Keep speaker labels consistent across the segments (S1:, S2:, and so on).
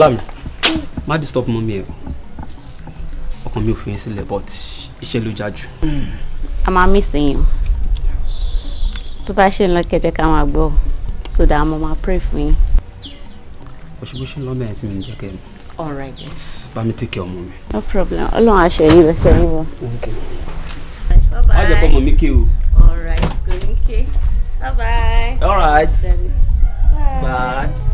S1: ọlá mi má disturb mọ́ mi ẹ̀ ọkàn mi ò fi sílẹ̀ but iṣẹ́ ló já jù.
S2: a máa mí sẹ́yìn tó bá ṣe ń lọ kẹjẹ ká máa gbọ́ so that mo máa pray fún yín.
S1: òṣùgbọ́n ṣe ń lọ bẹ́ẹ̀ tí mi ń jẹ́ kẹ́ all right bá mi take care ọmọ
S2: mi. no problem ọlọ́run aṣọ yìí lọ ṣe wíwọ. má jẹ́ kọ́ ọmọ ké o. all right kò ní ké bye bye. all right bye. bye.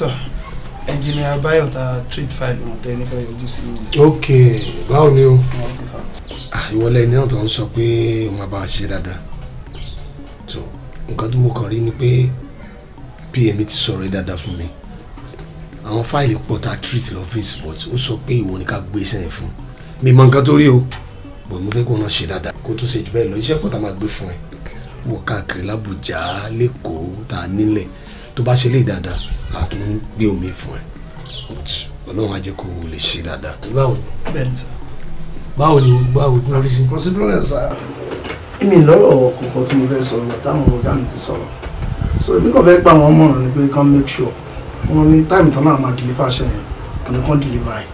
S3: sir
S1: engineer Bayo ta treat file wọn tẹ nípa yọjú sí i. ok báwo ni o ah, ìwọlé ẹni náà tó ń sọ pé wọn bá a ṣe dáadáa tó nǹkan tó mo kàn rí ni pé pm ti sọ̀rọ̀ ẹ dáadáa fún mi àwọn fáìlì pọ̀ tá a treat lọ́fíìsì but ó sọ pé ìwọ ni ká gbé iṣẹ́ yẹn fún mi mọ nǹkan tó rí o bò mo fẹ́ kó wọn ṣe dáadáa kó tó ṣe jù bẹ́ẹ̀ lọ iṣẹ́ pọ̀ tá a máa gbé fún ẹ wọ káàkiri l'Abuja l'Èkó tá a nílẹ̀ tó bá ṣe lè dáadáa ń gbé omi fún ẹ ọlọ́run á jẹ́ kó o lè ṣe dáadáa. báwo báwo ni báwo ni wọ́n rí sí. kò sí problem sir èmi lọ́rọ̀ kọ̀ọ̀kan tí mo fẹ́ sọ̀rọ̀ táwọn ọ̀gá mi ti sọ̀rọ̀ so èmi kàn fẹ́ pa àwọn ọmọ ràn ni pé kàn make sure wọn ní táìmù tán náà máa deliver aṣọ yẹn àní kàn deliver ẹ̀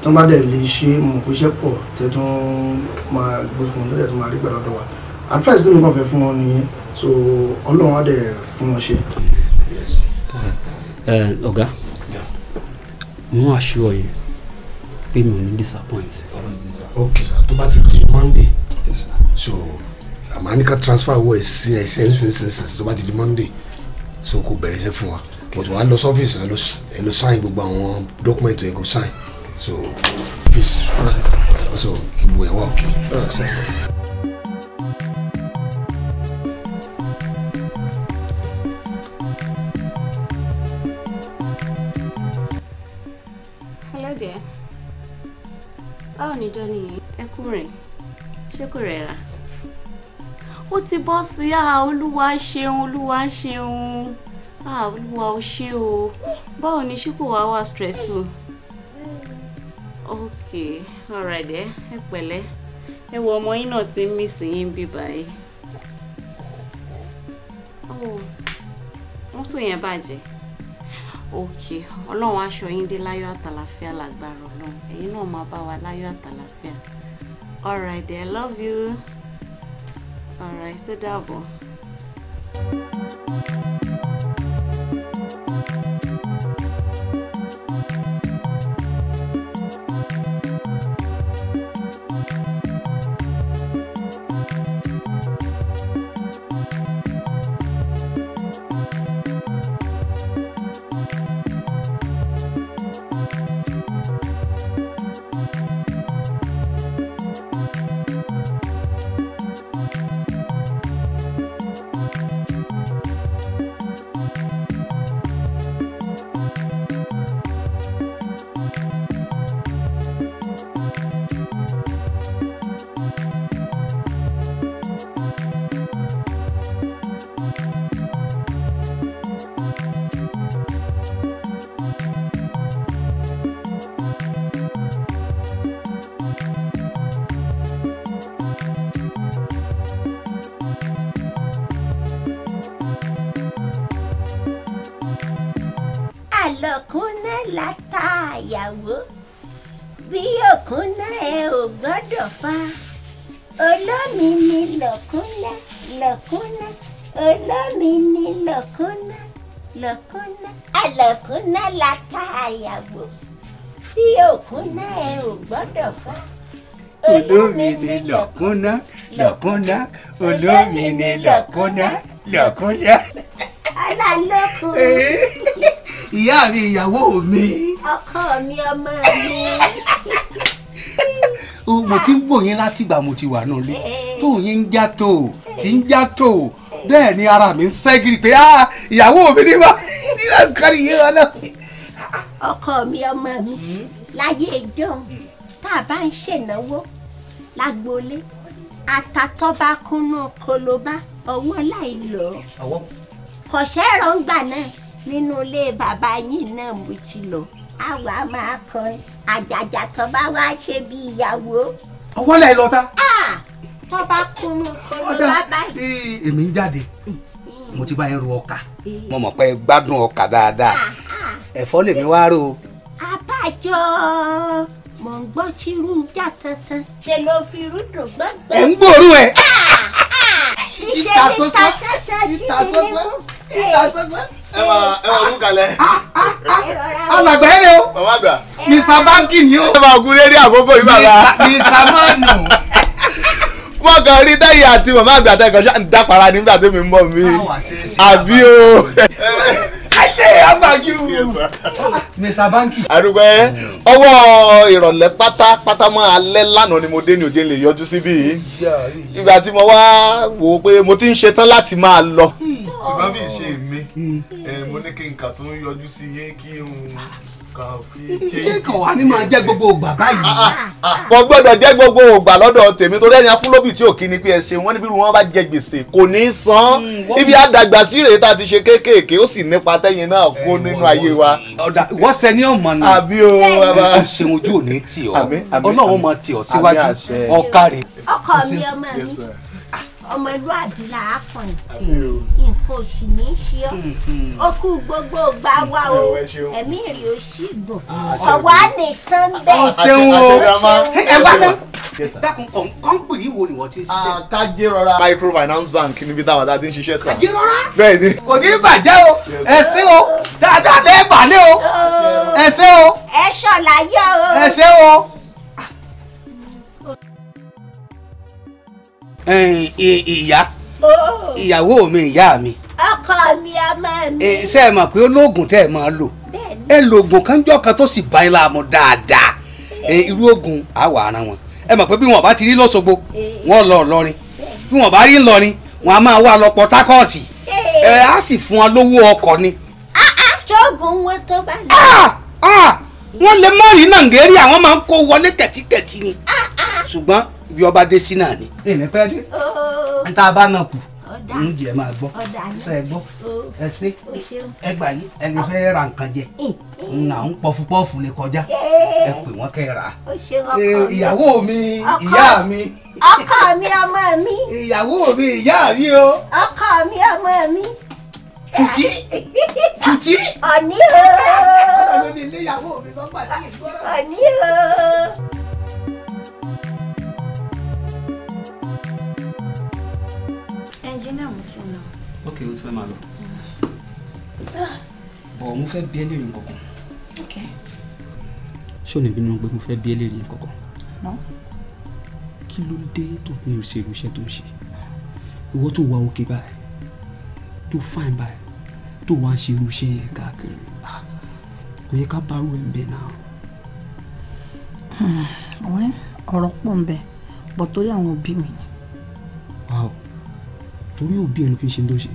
S1: tí wọ́n bá dẹ̀ lè ṣe mọ̀ pé iṣẹ́ pọ̀ tẹ́tún máa gbé fún un tẹ́tẹ̀ tó máa rí gbà lọ́dọ̀ wa advice tí mo kàn fẹ́ fún wọn nìyẹn so ọlọ́run á dẹ̀ fún wọn ṣe ọ̀gá Yeah. aṣọ assure you, mi ò ní disappoint. Okay. sir tó bá ti di monday so àmọ́ àníkà transfer owó ẹ̀ sí ẹ̀ sí ẹ̀ sí ẹ̀ tó bá monday so kò bear iṣẹ́ fún wa but wàá lọ sọ́fíìsì ẹ lọ sign gbogbo àwọn dọ́kúmẹ̀ntì ẹ kò sign so fees so
S3: gbogbo ẹ̀ wá òkè.
S2: ní dání yìí ẹkú rìn ṣé kò rẹ̀ rà ó ti bọ́ sí a olúwa ṣeun olúwa ṣeun a olúwa ó ṣe o báwo ni ṣé kò wá wá stressful ok alright ẹ ẹ pẹ̀lẹ́ ẹ wọ ọmọ yín náà ti ń mí sí yín bí báyìí oh mọ́tò yẹn bàjẹ́ òkè ọlọ́run aṣọ yín dé láyọ̀ àtàlàfíà lágbára ọlọ́run ẹ̀yin náà máa bá wa láyọ̀ àtàlàfíà alright I love you alright tó dàbọ̀. thank you
S3: dọ̀fà olómi ni lọ̀kúnlá lọ̀kúnlá olómi ni lọ̀kúnlá lọ̀kúnlá àlọ̀kúnlá la ká àyàgbò tí òkúnlá ẹ ò gbọ́dọ̀ fà
S1: olómi ni lọ̀kúnlá lọ̀kúnlá olómi ni lọ̀kúnlá
S3: eh, ìyá mi ìyàwó mi. ọkọ mi ọmọ mi mo ti
S1: ń bò yín látìgbà mo ti wà náà lé tó yín ń já tó tí ń já tó bẹ́ẹ̀ ni ara mi ń ṣẹ́gìrì pé ah, ìyàwó mi ní ma ní ma kárí yín wọn náà.
S3: ọkọ mi ọmọ mi láyé ìdán tá a bá ń ṣènáwó lágboolé atatọ́ bá kúnnú kólóbá ọwọ́ láì lọ náà nínú ilé bàbá yín náà mo ti lọ àwa máa kọrin àjàjà tó bá wá ṣe bí ìyàwó.
S1: ọwọ́ lẹ̀ lọ ta.
S3: tó bá kunu kunu wá báyìí.
S1: èmi ń jáde mo ti bá yín ro ọkà mo mọ̀ pé gbádùn ọkà dáadáa ẹ̀fọ́ lèmi wá rò.
S3: abájọ mọ̀ ń gbọ́ sírú já kankan ṣe ló fi rúdò gbọ́gbẹ́. ẹ̀ ń gbòòrú ẹ̀. ìṣèlú ta sọ́sọ́ sí ilé ìta sọ́sọ́
S1: ẹ wà ẹ wà orúkọ lẹ alàgbà yẹn o. màmá àgbà. mr banki ni o. ẹ máa gun rédíò àkókò yìí bàbá. mr manu. wọ́n kàn rí tẹ́yìn àti màmá àgbà tẹ́kọ̀ọ́ ṣáà ń dápara nígbà tó mi ń bọ̀ mí. àbí o. Banky, how about you? Yes, sir. Mr. Banky. Àdúgbẹ́ mm. ọwọ́ ìrọ̀lẹ́ pátápátá mọ́ alẹ́ lánàá ni mo dé ní òjé lè yọjú síbí. Ìgbà tí mo wá wò ó pé mo ti ń ṣetán láti máa lọ. Ṣùgbọ́n bí ìṣe mi, mm. eh, mo ní kí n kà tó ń yọjú sí yé kí n
S3: ṣé kò wá
S1: ní máa jẹ́ gbogbo ògbà báyìí. Ah, ah, ah, kò gbọ́dọ̀ jẹ́ gbogbo ògbà lọ́dọ̀ tèmi torí ẹni afúnlóbì tí ò kí ni pé ẹ ṣe wọ́n níbi irú wọn bá jẹ gbèsè kò ní í san hmm, ibi àdàgbà sí rèé tá a ti ṣe kéékèèké ó sì nípa tẹ́yìn náà kó eh, nínú ayé wa. wọ́n ṣe ní ọ̀mọ̀ ni àbí o bàbá o ṣeun ojú ò ní tì ọ́ ọlọ́run máa tì ọ́ síwájú ọkàrẹ̀.
S4: ọkọ mi ọmọ mi
S3: ọmọlúàbí là á kàn yìí nǹkan oṣù ní í ṣe ọ́ hmm, hmm. ó kú gbogbo gbà wá o ẹ̀mí rè ó sì gùn ah, ọ̀wá nìkan bẹ́ẹ̀ ah, ṣeun o ẹ wá
S1: tán dákun kọ́ńpìlì wo ni wọ́n ti ṣiṣẹ́. Ah, kájé rọra. microfinance bank níbi táwọn adá ti ń ṣiṣẹ́ sá. kájé rọra. bẹ́ẹ̀ ni. kò ní bàjẹ́ o ẹ̀sìn o dáadáa lẹ́ẹ̀bà ní o ẹ̀sìn o.
S3: ẹ ṣọ̀lá yẹ o. ẹ̀sìn
S1: o. ìyá oh. ìyàwó mi ìyá mi.
S3: ọkọ mi a máa ní. ṣé
S1: ẹ mọ̀ pé olóògùn tẹ́ ẹ máa lò ẹ lo oògùn kánjọ́ kan tó sì bá yín láàmú dáadáa irú oògùn wà ara wọn ẹ mọ̀ pé bí wọn bá ti rí lọ́sọ̀gbọ̀ eh. wọn lọ lọrin bí wọn bá rí lọrin wọn a máa wá lọ pọ̀ tákọ́ọ̀tì
S3: eh. ẹ á
S1: sì fún wọn lówó ọkọ̀ ni.
S3: Ah, ah, ṣọ́ọ̀gùn wọn tó bá lọ.
S1: Ah, wọ́n lè mọ̀rí nàìjíríà wọ́n máa ń kó wọlé kẹ̀tíkẹ̀tí ni ṣùgbọ́n bí ọba dé sí náà ni. èmi pẹ́ dé n oh. tá a bá náà kù n jẹ́ máa gbọ́
S3: sọ ẹ gbọ́ oh. ẹ ṣe ẹ
S1: gbà yí ẹni fẹ́ ra nǹkan jẹ oh. nà ń pọfupọ́fù lè kọjá ẹ pè wọ́n kẹ́ ra
S3: ìyàwó mi ìyá mi. ọkọ mi ọmọ mi. ìyàwó mi ìyá mi o. ọkọ mi ọmọ mi. tuti tuti. ọ̀ní o. ọ̀ní o. náà mo ti lọ.
S1: ok o ti fẹ́ máa lọ.
S2: Hmm. Ah.
S1: bọ̀ mo fẹ́ bí ẹlẹ́rìí kankan. ok. ṣé o ní bínú pé mo fẹ́ bí ẹlẹ́rìí kankan. no. kí ló dé tó ní òṣèlú iṣẹ́ tó ń ṣe ìwọ tó wà òkè báyìí tó fáìn báyìí tó wà ń ṣe irú iṣẹ́ yẹn káàkiri ah, kò yẹ ká bá rú ẹ̀ ń bẹ̀ náà.
S2: Hmm. ọ̀rọ̀ pọ̀ ń bẹ̀
S1: bọ̀ torí àwọn òbí mi. wow torí òbí ẹ ló fi ṣe tó ṣe.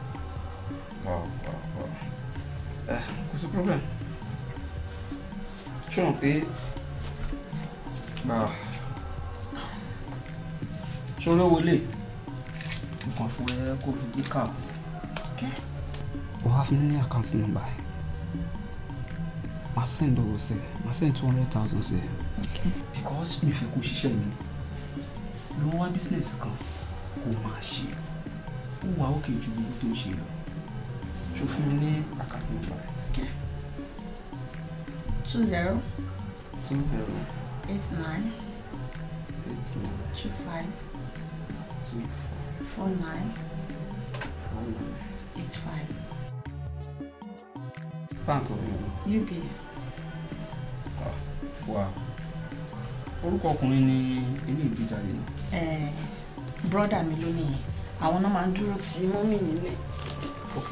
S4: kò
S1: sí ah, nǹkan fún ẹ kó fi dé kà ó wá ní àkáǹtì nọ́mbà ẹ máa send owó sí ẹ máa send two hundred thousand sí ẹ. because mi fẹ́ kó ṣiṣẹ́ mi lọ wá bísínẹ́sì kan kó máa ṣe ó wà òkè ju gbogbo tó ṣe lọ ṣó fún mi ní
S3: àkàtúntò kẹ. two zero. two zero. eight nine. eight nine. two five. two five.
S2: four nine. four nine. eight five. báńkì ọ̀hún.
S1: uba. wà orúkọ ọkùnrin ni eléyìí jíjáde náà.
S2: Eh, brother mi ló nìyẹn àwọn náà máa ń dúró tí mọ́mì nílé.
S1: ok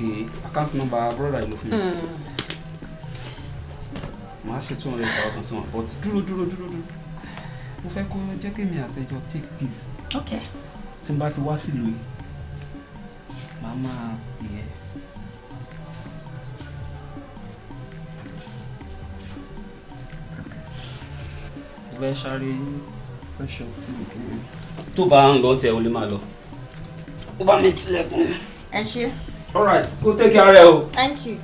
S1: account number Brother, yìí ló fún mi. Hmm. màá ṣe two hundred thousand sí wọn but dúró dúró dúró dúró mo fẹ́ kó jẹ́ kí èmi àtẹjọ take peace. ok tí n bá ti wá sílùú yìí màá máa pè é. Vai achar ele.
S4: Vai achar o que
S1: tó bá ń lọ tẹ o lè máa lọ ó bá mi tilẹ̀kùn. ẹ ṣe. all right go take care of it thank you.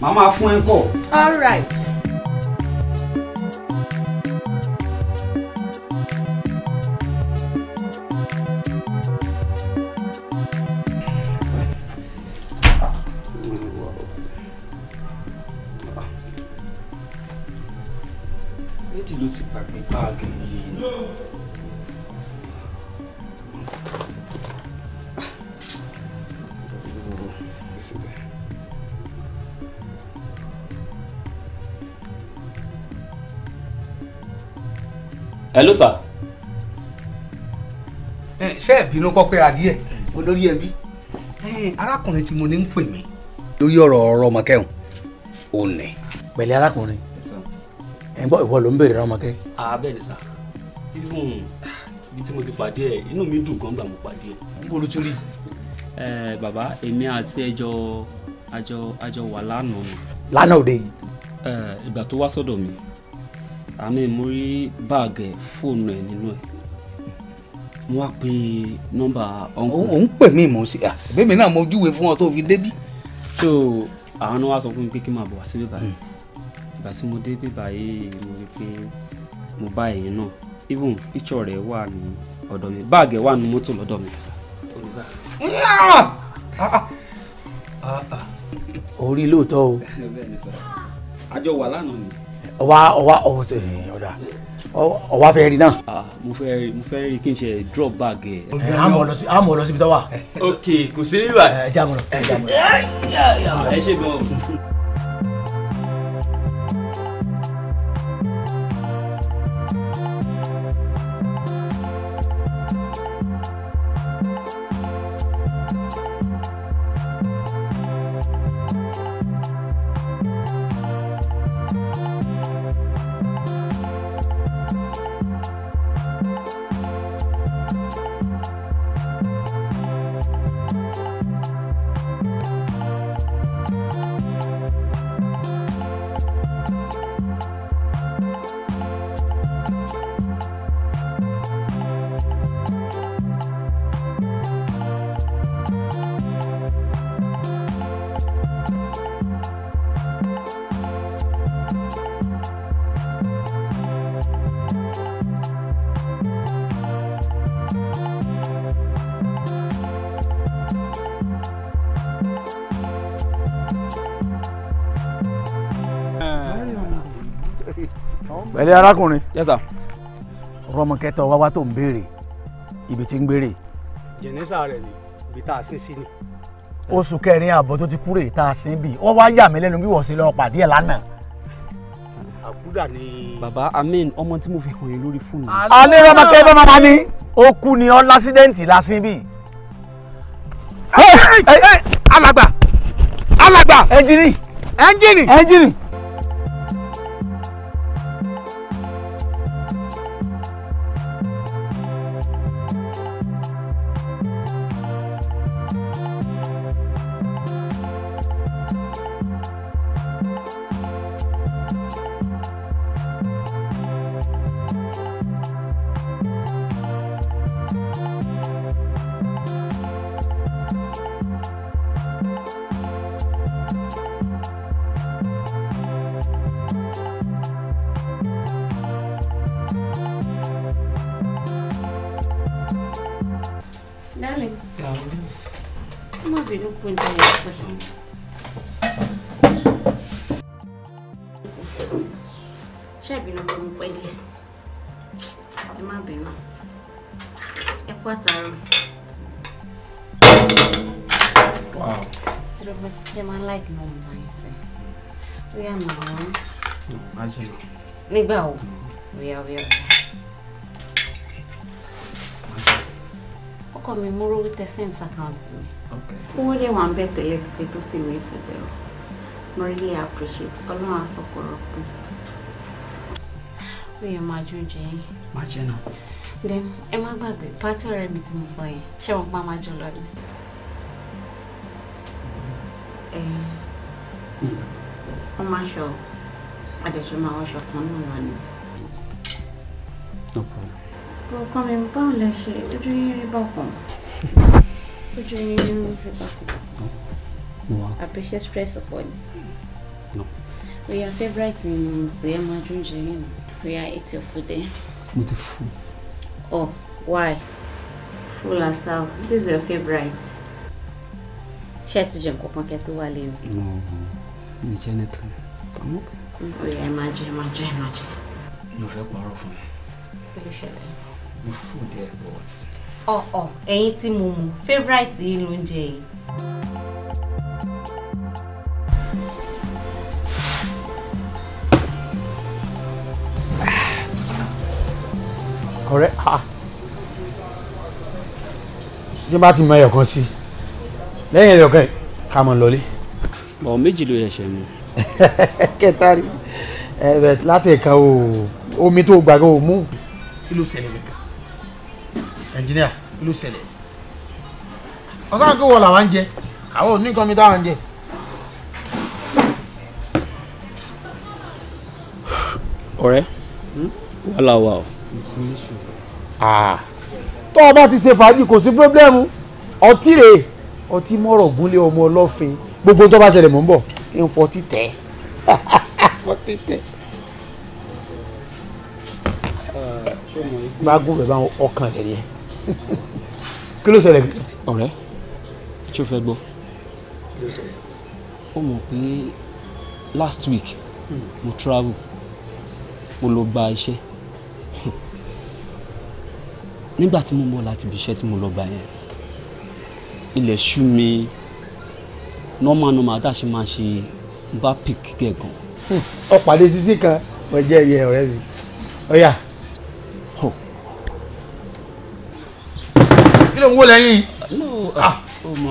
S1: màá máa fún ẹ kọ.
S2: all right.
S1: hello sir. ṣé ìbínú kọ́ pé adìẹ olórí ẹbí arákùnrin tí mo ní ń pè mí lórí ọ̀rọ̀ ọ̀rọ̀ ọmọkẹ́hùn ò ní. pẹ̀lẹ́ arákùnrin ẹ̀ ń gbọ́ ìwọ ló ń ah, sá ah, tí mo ti pàdé ẹ inú mi dùn gan gbà mo pàdé ẹ. níbo ló tún rí. ẹ bàbá èmi àti ẹjọ àjọ àjọ wà lánàá. lánàá òde yìí. ẹ ìgbà tó àmì mo báàgì fóònù ẹ̀ nínú ẹ̀ mo wá pe nọ́mbà ọ̀nkù. o n pè mí mọ̀ sí bẹ́ẹ̀ náà mo júwe fún ọ tó fi débí. so àwọn náà wá sọ fún mi pé kí n máa bọ̀ wá sí bíbá hmm. ìgbà tí mo dé bíbá mo rí pé mo bá ẹ̀yìn náà even rẹ̀ wà ní ọ̀dọ̀ mi báàgì wà ní mọ́tò lọ́dọ̀ mi.
S4: Ah, ah, ah,
S1: orí lóòótọ́ o. àjọ wà lánàá ni. ọwá ọwá ọwọ́ sẹ ọdà ọwá fẹ́ rí náà. Ah, mo fẹ́ rí mo fẹ́ rí kí n ṣe drop bag ẹ. àmọ̀ lọ sí àmọ̀ lọ síbi tó wà. ok kò sí níbà. ẹ jẹ́ àmọ̀ lọ. ẹ ṣe gan-an. pẹ̀lẹ́ arákùnrin. yes sir. rọmọkẹtọ wá wá tó ń béèrè ibi tí ń gbére. jẹ̀nẹ́sà rẹ̀ ni ibi tá a sin sí ni. oṣù kẹrin àbọ̀ tó ti kúrè tá a sin bì wọ́n wá yà mí lẹ́nu bí wọ́n ṣe lọ pàdé ẹ̀ lánàá. àkúdà ni. bàbá amen ọmọ tí mo fi hàn yín lórí fóònù. alẹ́ rọmọkẹ bá máa ní. ó kú ni ọ lásídẹ́ǹtì lásìn bì. alàgbà alàgbà. ẹnjìnì. ẹnjìnì. ẹnjìnì.
S2: kí ló jẹ máa no. láìkí mọ́ mi máa ń sẹ́ ó yà nà án. nígbà wo ríà ríà ríà. ọkọ mi múró wí tẹ sẹ́ǹtì àkáǹtì mi. owó lè wà ń bẹ̀ tẹ̀yẹ pé tó fi mí síbẹ̀ o mo really appreciate ọlọ́run àfọkọ̀rọ̀ kù. ó yẹ máa jó jẹ
S4: yín.
S2: then ẹ má gbàgbé pátí ọ̀rẹ́ mi tí mo sọ yẹn ṣé wọn pa máa jọ ni wọ́n máa ń ṣọ àdẹ̀jọ́ máa ń ṣọ kan náà lọ ni. ọkọ mi báwo lẹ ṣe ojú yín rí bákan ojú yín rí bákan àbíṣe stress pọ̀ ni. Oya favorite ni mo ṣe ẹ máa dún jẹ yìí. Oya eat your food eh. Mo ti full. Oh, why? Full as how? This is your favorite ṣé ẹ ti jẹ nǹkan kan kẹ́ tó wálé o. mi jẹ́ ní tán pamọ́. ẹ máa jẹ ẹ máa jẹ ẹ máa jẹ. mi ò fẹ́ parọ́ fún mi. kí ló ṣẹlẹ̀. mo fò dé airport. ọ̀ ọ̀ ẹ̀yin tí mo mọ̀ favourite yìí ló ń jẹ yìí.
S1: ha tí bá ti mọ ẹyọ kan sí i lẹ́yìn rẹ̀ ọ̀kẹ́ ká mọ̀ lọ́lé. bọ̀ méjì ló ṣẹ̀ṣẹ̀ mu. kẹta rí ẹ̀rẹ̀ látẹ̀ka o omi tó gbàgbọ́ o mú. kí ló ṣẹlẹ̀ nìkan ẹnjìníà kí ló ṣẹlẹ̀ ọ̀sán kò wọ̀ làwọn ń jẹ àwọn ò ní nǹkan mi táwọn ń jẹ.
S4: ọ̀rẹ́ hmm? wàhálà wà o. Ah.
S1: tó o bá ti ṣe fàájì kò sí pírọ́blẹ́mù ọtí rèé ọtí mọ̀rọ̀ gúnlé ọmọ ọlọ́fin gbogbo tó bá ṣẹlẹ̀ mọ́ ń bọ̀ ń fọtí
S3: tẹ̀ fọtí tẹ̀.
S1: bá gún bẹ̀ bá ọkàn rẹ̀ yẹ kí ló ṣẹlẹ̀ ọ̀rẹ́ tí o fẹ́ gbọ́ ó mọ̀ pé last week mo travel mo lọ gba iṣẹ́ nígbà tí mo mọ̀ láti ibi iṣẹ́ tí mo lọ gba yẹn ilẹ̀ ṣú mi normal normal tá a ṣe máa ṣe bá pic gẹ̀gàn. ọ̀pàdé sisi kan mo jẹ́ ìyẹn ọ̀rẹ́ mi ọ̀yà. kí ló ń wò lẹ́yìn
S4: ah. kí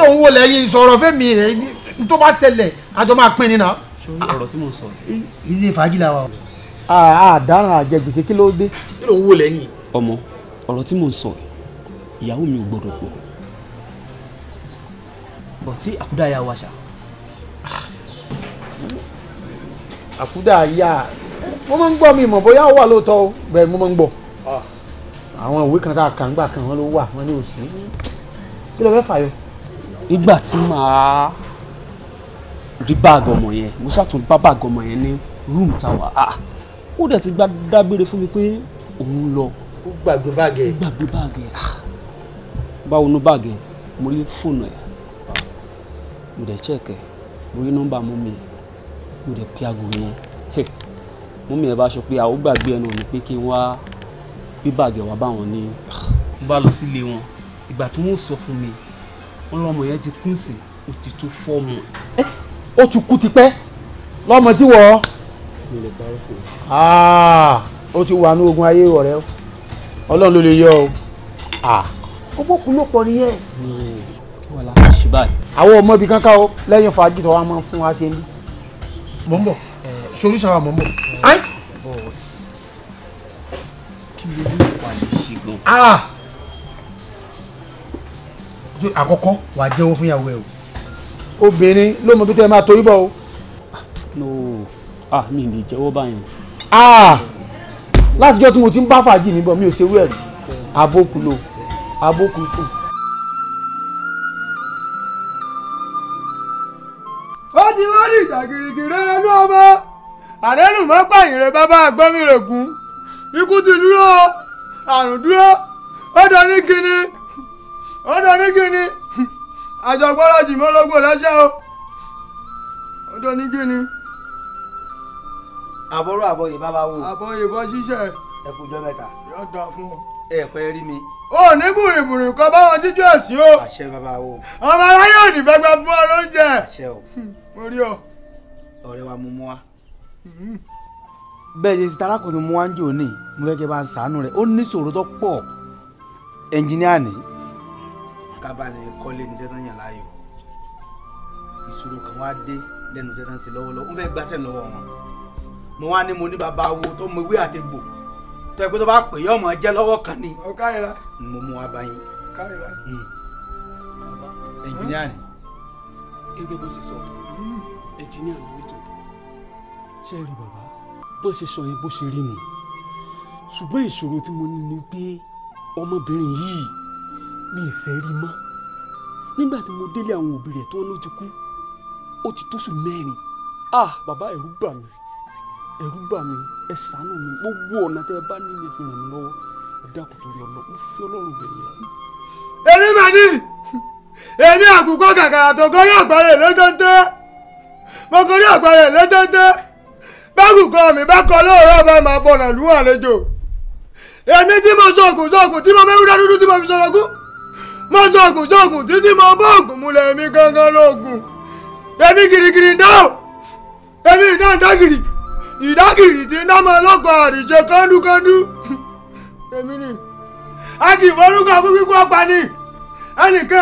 S1: ló ń wò lẹ́yìn sọ̀rọ̀ fẹ́mi rẹ̀ tó bá ṣẹlẹ̀ àjọ máa pín nínà. ọ̀rọ̀ tí mo sọ. ilé fàájì la wà. àdáràn àjẹgbèsè kí ló dé. kí ló ń wò lẹ́yìn. ọmọ ọ̀rọ̀ tí mo sọ ìyàwó mi ò gbọ́dọ̀ gbọ́ but see àkúdàáyà wa ṣá. àkúdàáyà wọ́n máa ń gbọ́ mi mọ̀ bóyá ó wà lóòótọ́ o bẹ́ẹ̀ mo máa ń gbọ́ ah. àwọn ìwé kan tá a kà ń gbà kan wọn ló wà wọn ní òsì kí ló fẹ́ fàyọ. nígbà tí màá rí báàgì ọmọ yẹn mo ṣàtún bá báàgì ọmọ yẹn ní rúùmù táwa ah, ó dẹ̀ ti gbá dágbére fún mi pé òun lọ. ó gbàgbé báàgì ẹ̀. gbàgbé báàgì ẹ̀ ah, báwo ní báàgì ẹ̀ mo rí fóònù ẹ̀ mo dẹ̀ check ẹ̀ mo rí nọ́mbà mummy mo dẹ̀ pe aago yẹn mummy ẹ̀ bá sọ pé àwọn gbàgbé ẹnu mi pé kí n wá bíbàgẹ̀ wá báwọn ní. mo bá lọ sílé wọn ìgbà tó wọ́n sọ fún mi wọ́n lọ́mọ yẹn ti kún sí ó ti tó o eh, ó ti kú tipẹ́ lọ́mọ tí wọ́ ah, ó ti wà ní ogun ayé ọ̀rẹ́ o ọlọ́run ló lè yọ o ah. ó bókun ló pọ̀ nìyẹn. Hmm, kí wàá báyìí àwọn ọmọ ibi kankan o lẹ́yìn fàájì tó wá máa ń fún wa ṣe ní. mò ń bọ̀ sori eh, sábà mò ń bọ̀. Eh,
S3: kí ló
S1: ara ah! àkọ́kọ́ wàá jẹ́wọ́ fún ìyàwó ẹ o. obìnrin ló mọ bí tẹ́ ẹ máa torí bọ̀ o. ah mi lè jẹ́wọ́ báyìí. ah látijọ́ tí mo ti ń bá fàájì níbọ̀ mi ò ṣerú ẹ̀ rí abókù lò abókù sùn. àdénù mọ́pà ìrè bàbá àgbọ́mìrègún ikú ti dúró àrùn dúró ó dán ní kinní ó dán ní kinní àjọgbọ́n lọ́jì mọ́lógún lọ́sẹ̀ o ó dán ní kinní. àbọ̀rọ̀ àbọ̀yè bàbá wo. àbọ̀yè bọ́ ṣíṣẹ́. ẹ kú jọ mẹ́ta. yóò dán fún ọ. ẹ pẹ́ rí mi ó ní bùrìbùrì kan báwọn jíjọ ẹ̀sìn o. àṣẹ bàbá o. ọmọ aráyé ò ní fẹ́ gbà fún ọ lóúnjẹ. àṣẹ o. mo rí ọ. ọ̀rẹ́ wa mú mú wa bẹ́ẹ̀ ṣe sitara kò ní mú wá ń jò ní mo fẹ́ kí ẹ bá ń sàánú rẹ̀ ó ní ìṣòro tó pọ̀ ẹnjìníà ni. kábàlẹ̀ kọ́lé ní sẹ́tàn yàn láàyò ìṣòro kan wá dé lẹ́nu sẹ́tàn sí lọ́wọ́lọ́wọ́ ń fẹ́ gbàṣẹ́ lọ́wọ́ wọn mo wá ní mo ní bàbá wo tó mọ ewé àtẹ̀gbò tó ẹ pé tó bá pè é ọmọ jẹ́ lọ́wọ́ kan ni mo mú wa báyìí ẹnjìníà ni. gẹ́gẹ́ bó ṣe sọ hmm. ẹnjìníà ni ṣe rí bàbá bó ṣe sọ yẹn bó ṣe rí nù ṣùgbọ́n ìṣòro tí mo ní ni pé ọmọbìnrin yìí mi ì fẹ́ rí mọ́ nígbà tí mo délé àwọn òbí rẹ̀ tó ló ti kú ó ti tó sùn mẹ́rin ah bàbá ẹ̀rù bà mí ẹ̀rù bà mí ẹ ṣàánú mi gbogbo ọ̀nà tẹ́ ẹ bá nílé fi ràn mí lọ́wọ́ ẹ dákun torí ọlọ́run mo fi ọlọ́run bẹ̀ yẹn. èmi mà ní èmi àkùkọ kàkàrà tó gorí àgbàrẹ̀ lẹ́tẹ̀ẹ́tẹ́ mo gorí àgbàrẹ̀ lẹ́tẹ̀ẹ́tẹ́. bákùkọ mi bá lóòrọ̀ bá máa bọ̀ nàlú àlejò èmi tí mo sọ̀gùn sọ̀gùn tí mo mẹ́wúrẹ́ dúdú tí mo fi sọ̀rọ̀ kú mo sọ̀gùn títí mo bọ́ ògùn mu lẹ̀ mi girigiri èmi ìdá ìdágìrì ìdágìrì tí àrìṣe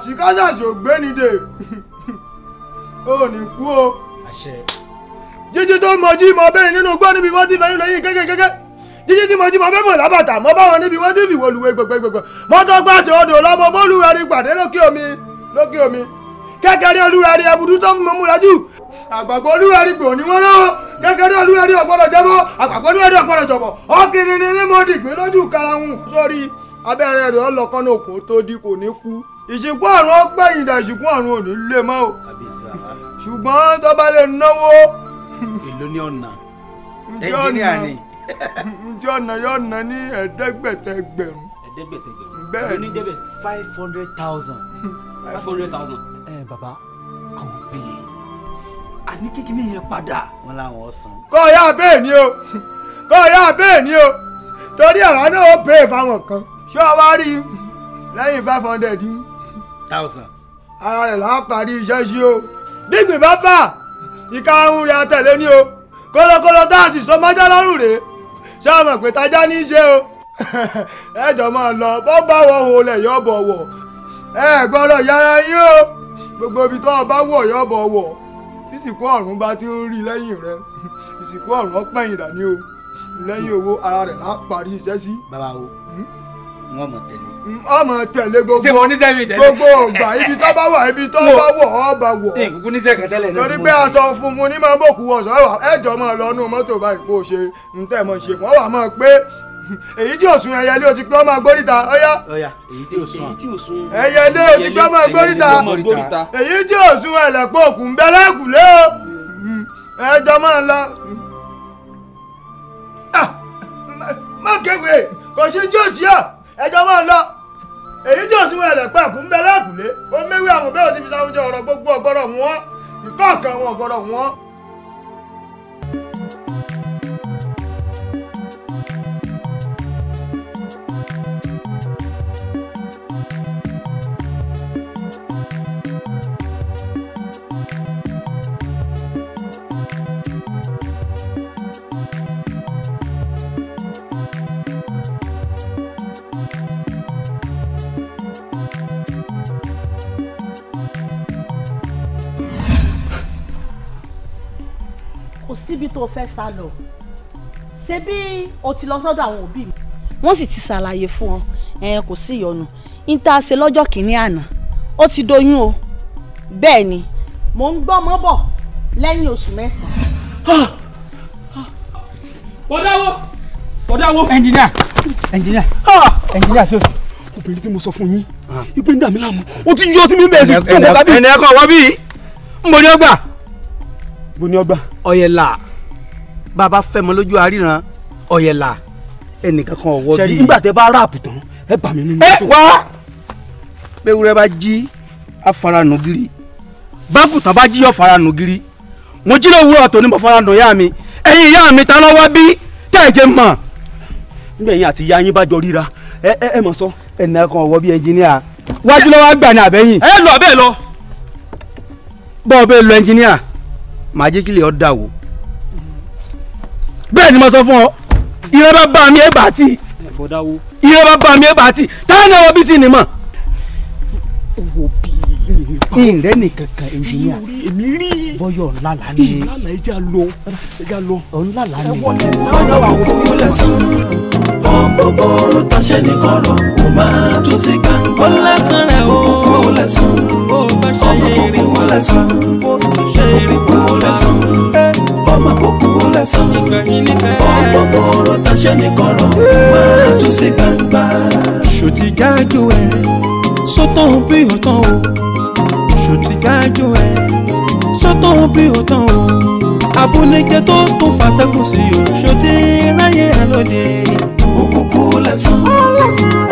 S1: èmi ni a kì ó ní kú o. àṣẹ. jíjí tó mọjú mọ bẹ́ẹ̀ nínú gbọ́ níbi wọ́n ti fẹ́ lóyún kékékéké jíjí tí mọjú mọ bẹ́ẹ̀ mọ̀ lábàtà mọ báwọn níbi wọ́n ti fi wọlúwẹ̀ gbẹgbẹgbẹ mọ́tò gbàṣẹ odò lọ́mọ bólúwẹ̀rí pàdé lókè omi lókè omi kékeré olúwẹ̀rí ẹ̀bùdú tó fún mọ́mú lajú àgbàgbọ́ olúwẹ̀rí pò ní wọ́n lọ́wọ́ kékeré olúwẹ̀rí ọ̀gbọ́dọ̀ jẹ́bọ́ àgbàgbọ́ olúwẹ̀rí ọ̀gbọ́dọ̀ jọ̀bọ̀ ọ̀kìnrin ni mímọ́ dìgbé lójú karahun sórí abẹ́rẹ́ rẹ̀ ọlọ́kọ́nà òkò tó di kò ní kú ìsìnkú àrùn ọgbẹ́yìn dà ìsìnkú àrùn òní lé mọ́ o ṣùgbọ́n tó bá lè náwó. èló ní ọ̀nà
S2: ẹnjìníà ni.
S1: njẹ́ ọ̀nà yóò ná ní ẹ̀ẹ́dẹ́gbẹ̀tẹ̀gbẹ̀rún. ẹ̀ẹ́dẹ́gbẹ̀tẹ̀gbẹ̀rún. bẹ́ẹ̀ ni jẹ́bẹ̀. five hundred thousand. five hundred thousand. ẹ baba. àwọn bíi àní kíkiní yẹn padà.
S4: wọn làwọn san. kọ́
S1: ọ yá bẹ́ẹ̀ ni o kọ́ ọ bẹ́ẹ̀ ni o torí àwa náà ó bẹ́ẹ̀ fáwọn kan ṣé ọ wá rí lẹ́yìn five hundred thousand. ara rẹ̀ là á parí iṣẹ́ sí o bígbìn bá fà ìkarahun rẹ̀ àtẹ̀lé ni o kólókóló tá a sì sọ mọ́jà lọ́rùn rèé ṣáàmù pé tajá ní í ṣe o ẹjọ́ máa lọ bọ́ bá wọ òun lẹ̀ yọ bọ̀ wọ̀ ẹ gbọ́dọ̀ yára yín o gbogbo ibi tó o bá wọ̀ yọ bọ̀ wọ̀ títìkú ọ̀run bá ti ń rí lẹ́yìn rẹ ìsìnkú ọ̀run ọ̀pẹ̀yìn dání o lẹ́yìn owó ara rẹ̀ láà parí iṣẹ́ sí. bàbá o wọn mọ tẹ̀lé. ọmọ tẹ̀lé gbogbo ṣé wọn níṣẹ́ mi tẹ̀lé. gbogbo ọgbà ibi tó bá wà ibi tó bá wọ̀ ọ́ bá wọ̀. ní ìkúkú níṣẹ́ kan tẹ́lẹ̀ náà. torí pé aṣọ funfun ní máa ń bòkú ọ̀sán wà ẹ̀jọ̀ máa lọ inú mọ́tò báyìí kó o ṣe ń tẹ̀ mọ́ ṣe fún ọ wà máa pé èyí tí òsùn ẹyẹ ilé o ti pé ọmọ agbóríta ọyá èyí tí òsùn ẹyẹ ilé o ti pé ọmọ agbóríta èyí tí òsùn ẹlẹ́pọ̀ òkú ń bẹ́lẹ́ kù lé o ẹjọ́ máa ń lọ. Ah! má kéwèé kò sí jósìá ẹjọ́ máa ń lọ èyí tí òsínwó ẹlẹ́pẹ́ kù ń bẹ lákùlé ó méwé àwọn bẹ́ẹ̀ ò ti fi sáwọn jẹ ọ̀rọ̀ gbogbo ọ̀gbọ́dọ̀ wọn ìkọ̀ọ̀kan wọn ọ̀gbọ́dọ̀ wọn. síbi tó fẹ́ sá lọ ṣebí o ti lọ sọ́dọ̀ àwọn òbí mi.
S3: wọ́n sì ti ṣàlàyé fún ọ ẹ̀ẹ́n kò sí ìyọnu n ta ṣe lọ́jọ́ kìíní àná ó ti doyún o bẹ́ẹ̀ ni. mò ń gbọ́ mọ́ bọ̀ lẹ́yìn oṣù mẹ́sàn-án.
S1: bọ̀dáwó bọ̀dáwó. ẹnjìníà ẹnjìníà ẹnjìníà sí òsì obìnrin tí mo sọ fún yín ipe ń dà mí láàmú ó ti yọ sí mi bẹ́ẹ̀ sí. ẹnì ẹ̀kọ́ wá bí mo ní ọgbà. mo ní ọgbà. ọyẹ bàbá fẹ́mọ lójú àríran ọ̀yẹ̀là ẹnìkan kan ọ̀wọ́ bíi. sẹ́ni nígbà tẹ bá ráàpù tán ẹ bà mí nínú tó. ẹ wá bẹ́wúrẹ́ bá jí afaranu giri bákùtàn bá jí ọ̀faranu giri mo jí lówùúrọ̀ tó ní mo faranu yá mi ẹ̀yin ìyá mi ta lọ́wọ́ bí tẹ́ ẹ jẹ́ mọ̀. nígbà yẹn àti ìyá yín bá jọ ríra ẹ ẹ ẹ mọ̀ sọ. ẹnìkan kan ọ̀wọ́ bíi ẹnjìníà wájú lọ́wọ́ gbà ní àbẹ́yìn. ẹ lọ bẹ́ẹ̀ lọ. bọ́ọ̀ bẹ́ẹ̀ lọ ẹnjìníà màá jẹ́ kí ọ́ dà wò bẹ́ẹ̀ ni mo sọ fún ọ ìran bá bá mi ẹ bá tì
S4: ìran
S1: bá bá mi ẹ bá tì táwọn ọwọ́ bíi ti nì mọ̀. owó bíi ìrẹ́ nìkan kan ẹnjìníà bọ́yọ̀ ńlá ni. ńlá ẹja lọ ẹja lọ.
S4: ńlá ni. ọ̀rọ̀ àkókò lẹ́sùn ọ̀pọ̀pọ̀rọ̀ tàṣẹ nìkan lọ kò máa tún sí gbangba. ọ̀lẹ́sìn rẹ̀ o kókó lẹ́sùn ọ̀pọ̀pọ̀rọ̀ lẹ́sùn ọ̀pọ̀pọ̀rọ̀ lẹ́sùn lẹ́sàn ọ̀pọ̀pọ̀ ọ̀rọ̀ ní kọ̀rọ̀ máa tún sí gbangba. ṣòtì jájú ẹ sọtọ bí òtán o ṣòtì jájú ẹ sọtọ bí òtán o abúlẹ̀jẹ tó tó fàtẹ́kùn sí o ṣòtì ráyè àlọ́dẹ. òkùnkù lẹ́sàn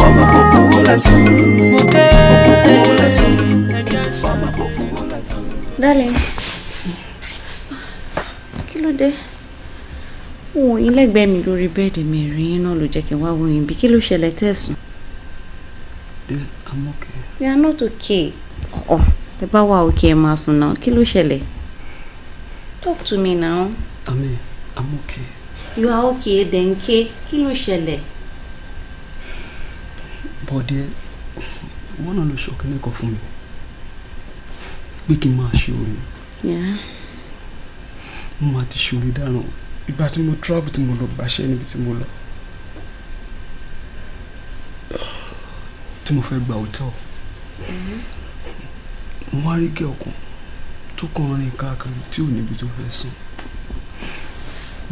S4: ọmọ kòkó lẹ́sàn òkùnkù lẹ́sàn ọmọ kòkó lẹ́sàn.
S2: darling kí ló dé. òun yín mi lórí bẹ́ẹ̀dì mi rí iná ló jẹ́ kí n wá wo yín bí kí ló ṣẹlẹ̀ tẹ̀sùn. I'm okay. You are not okay. ọ̀ọ́ tẹ bá wà òkè ẹ̀ máa sùn Talk to me now. Ami, I'm okay. You are okay denke kí ló ṣẹlẹ̀.
S1: Bọ̀dé wọ́n náà ló ṣọ̀kẹ́ lẹ́kọ̀ọ́ fún mi pé kí n máa ṣe Mo máa ti ṣe oore dáràn. ìgbà tí mo travel tí mo lọ gbàṣẹ́ níbi tí mo lọ tí mo fẹ́ gba hòtẹ́ẹ̀lì mo wá rí gẹ́ ọkàn tó kàn rìn káàkiri tí ò níbi tó fẹ́ sùn